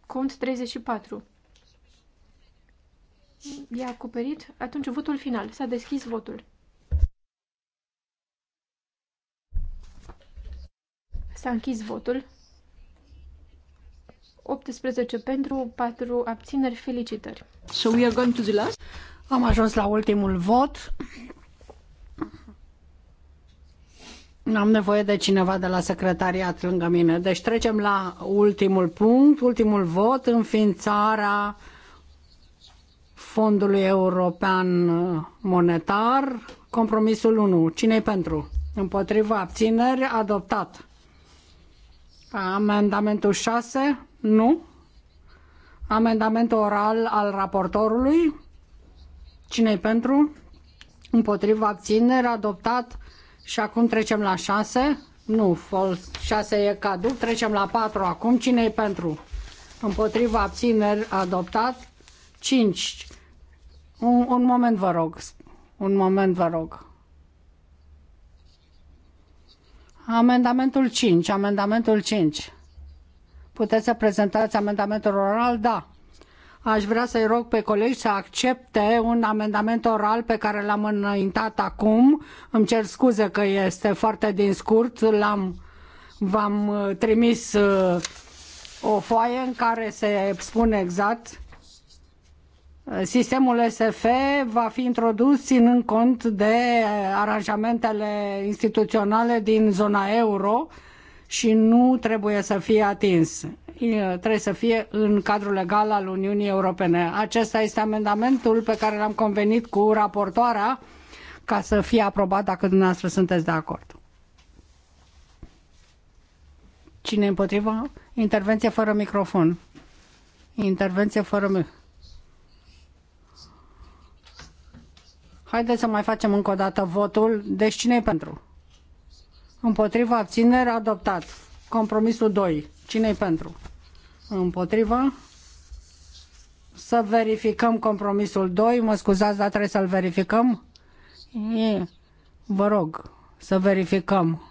cont 34. E acoperit. Atunci votul final. S-a deschis votul. S-a închis votul. 18 pentru, 4 abțineri. Felicitări!
So we are going to the last. Am ajuns la ultimul vot. Am nevoie de cineva de la secretariat lângă mine. Deci trecem la ultimul punct, ultimul vot, înființarea Fondului European Monetar, compromisul 1. cine e pentru? Împotriva abțineri, adoptat. Amendamentul 6, nu? Amendament oral al raportorului? cine e pentru? Împotriva abțineri, adoptat. Și acum trecem la 6. Nu, 6 e caduc. Trecem la 4 acum. cine e pentru? Împotriva abțineri, adoptat. 5. Un, un moment, vă rog. Un moment, vă rog. Amendamentul 5. Amendamentul 5. Puteți să prezentați amendamentul oral? Da. Aș vrea să-i rog pe colegi să accepte un amendament oral pe care l-am înaintat acum. Îmi cer scuze că este foarte din scurt. L-am, v-am uh, trimis uh, o foaie în care se spune exact uh, sistemul SF va fi introdus ținând cont de aranjamentele instituționale din zona euro, și nu trebuie să fie atins. Trebuie să fie în cadrul legal al Uniunii Europene. Acesta este amendamentul pe care l-am convenit cu raportoarea ca să fie aprobat dacă dumneavoastră sunteți de acord. Cine împotriva? Intervenție fără microfon. Intervenție fără mic. Haideți să mai facem încă o dată votul. Deci cine e pentru? Împotriva abțineri adoptat. Compromisul 2. Cine-i pentru? Împotriva. Să verificăm compromisul 2. Mă scuzați, dar trebuie să-l verificăm. E. Vă rog să verificăm.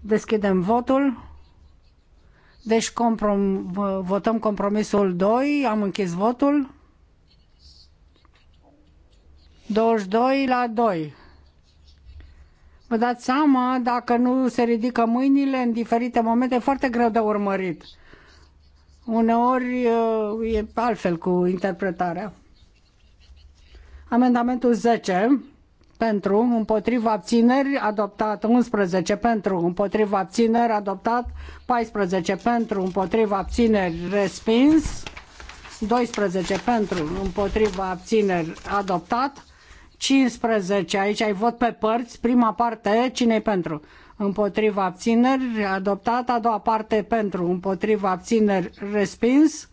Deschidem votul. Deci comprom- votăm compromisul 2. Am închis votul. 22 la 2. Vă dați seama, dacă nu se ridică mâinile în diferite momente, e foarte greu de urmărit. Uneori uh, e altfel cu interpretarea. Amendamentul 10 pentru, împotriva abțineri, adoptat 11 pentru, împotriva abțineri, adoptat 14 pentru, împotriva abțineri, respins 12 pentru, împotriva abțineri, adoptat 15. Aici ai vot pe părți. Prima parte, cine pentru? Împotriva abțineri, adoptat. A doua parte, pentru. Împotriva abțineri, respins.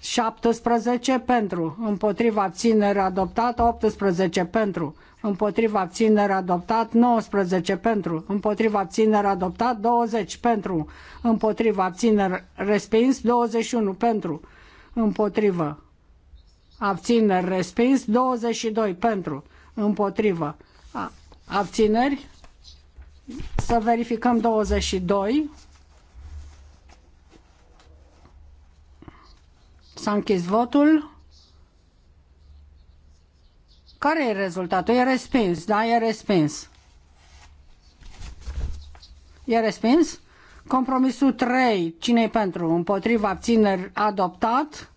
17 pentru, împotriva abțineri adoptat, 18 pentru, împotriva abțineri adoptat, 19 pentru, împotriva abțineri adoptat, 20 pentru, împotriva abțineri respins, 21 pentru, împotriva abțineri respins, 22 pentru, împotrivă, abțineri, să verificăm 22, s-a închis votul, care e rezultatul? E respins, da, e respins. E respins? Compromisul 3, cine pentru? Împotriva abțineri adoptat.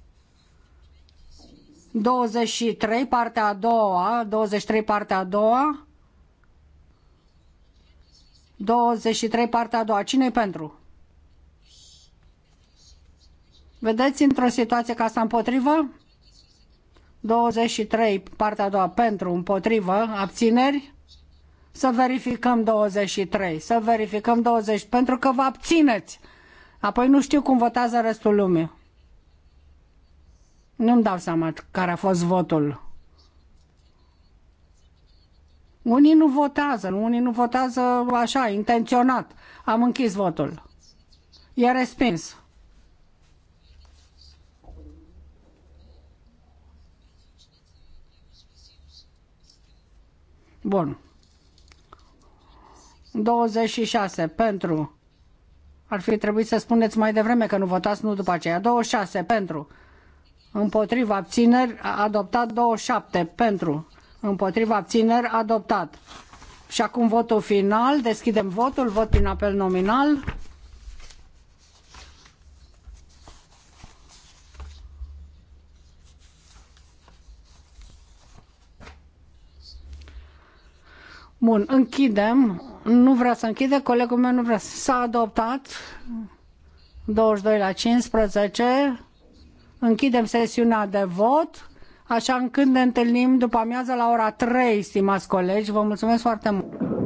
23, partea a doua, 23, partea a doua, 23, partea a doua. cine pentru? Vedeți într-o situație ca asta împotrivă? 23, partea a doua, pentru, împotrivă, abțineri? Să verificăm 23, să verificăm 20, pentru că vă abțineți. Apoi nu știu cum votează restul lumii. Nu-mi dau seama care a fost votul. Unii nu votează, unii nu votează așa, intenționat. Am închis votul. E respins. Bun. 26 pentru. Ar fi trebuit să spuneți mai devreme că nu votați, nu după aceea. 26 pentru împotriva abțineri adoptat 27 pentru împotriva abțineri adoptat și acum votul final deschidem votul vot prin apel nominal Bun, închidem. Nu vrea să închide, colegul meu nu vrea. S-a adoptat 22 la 15 Închidem sesiunea de vot, așa încât ne întâlnim după amiază la ora 3, stimați colegi. Vă mulțumesc foarte mult!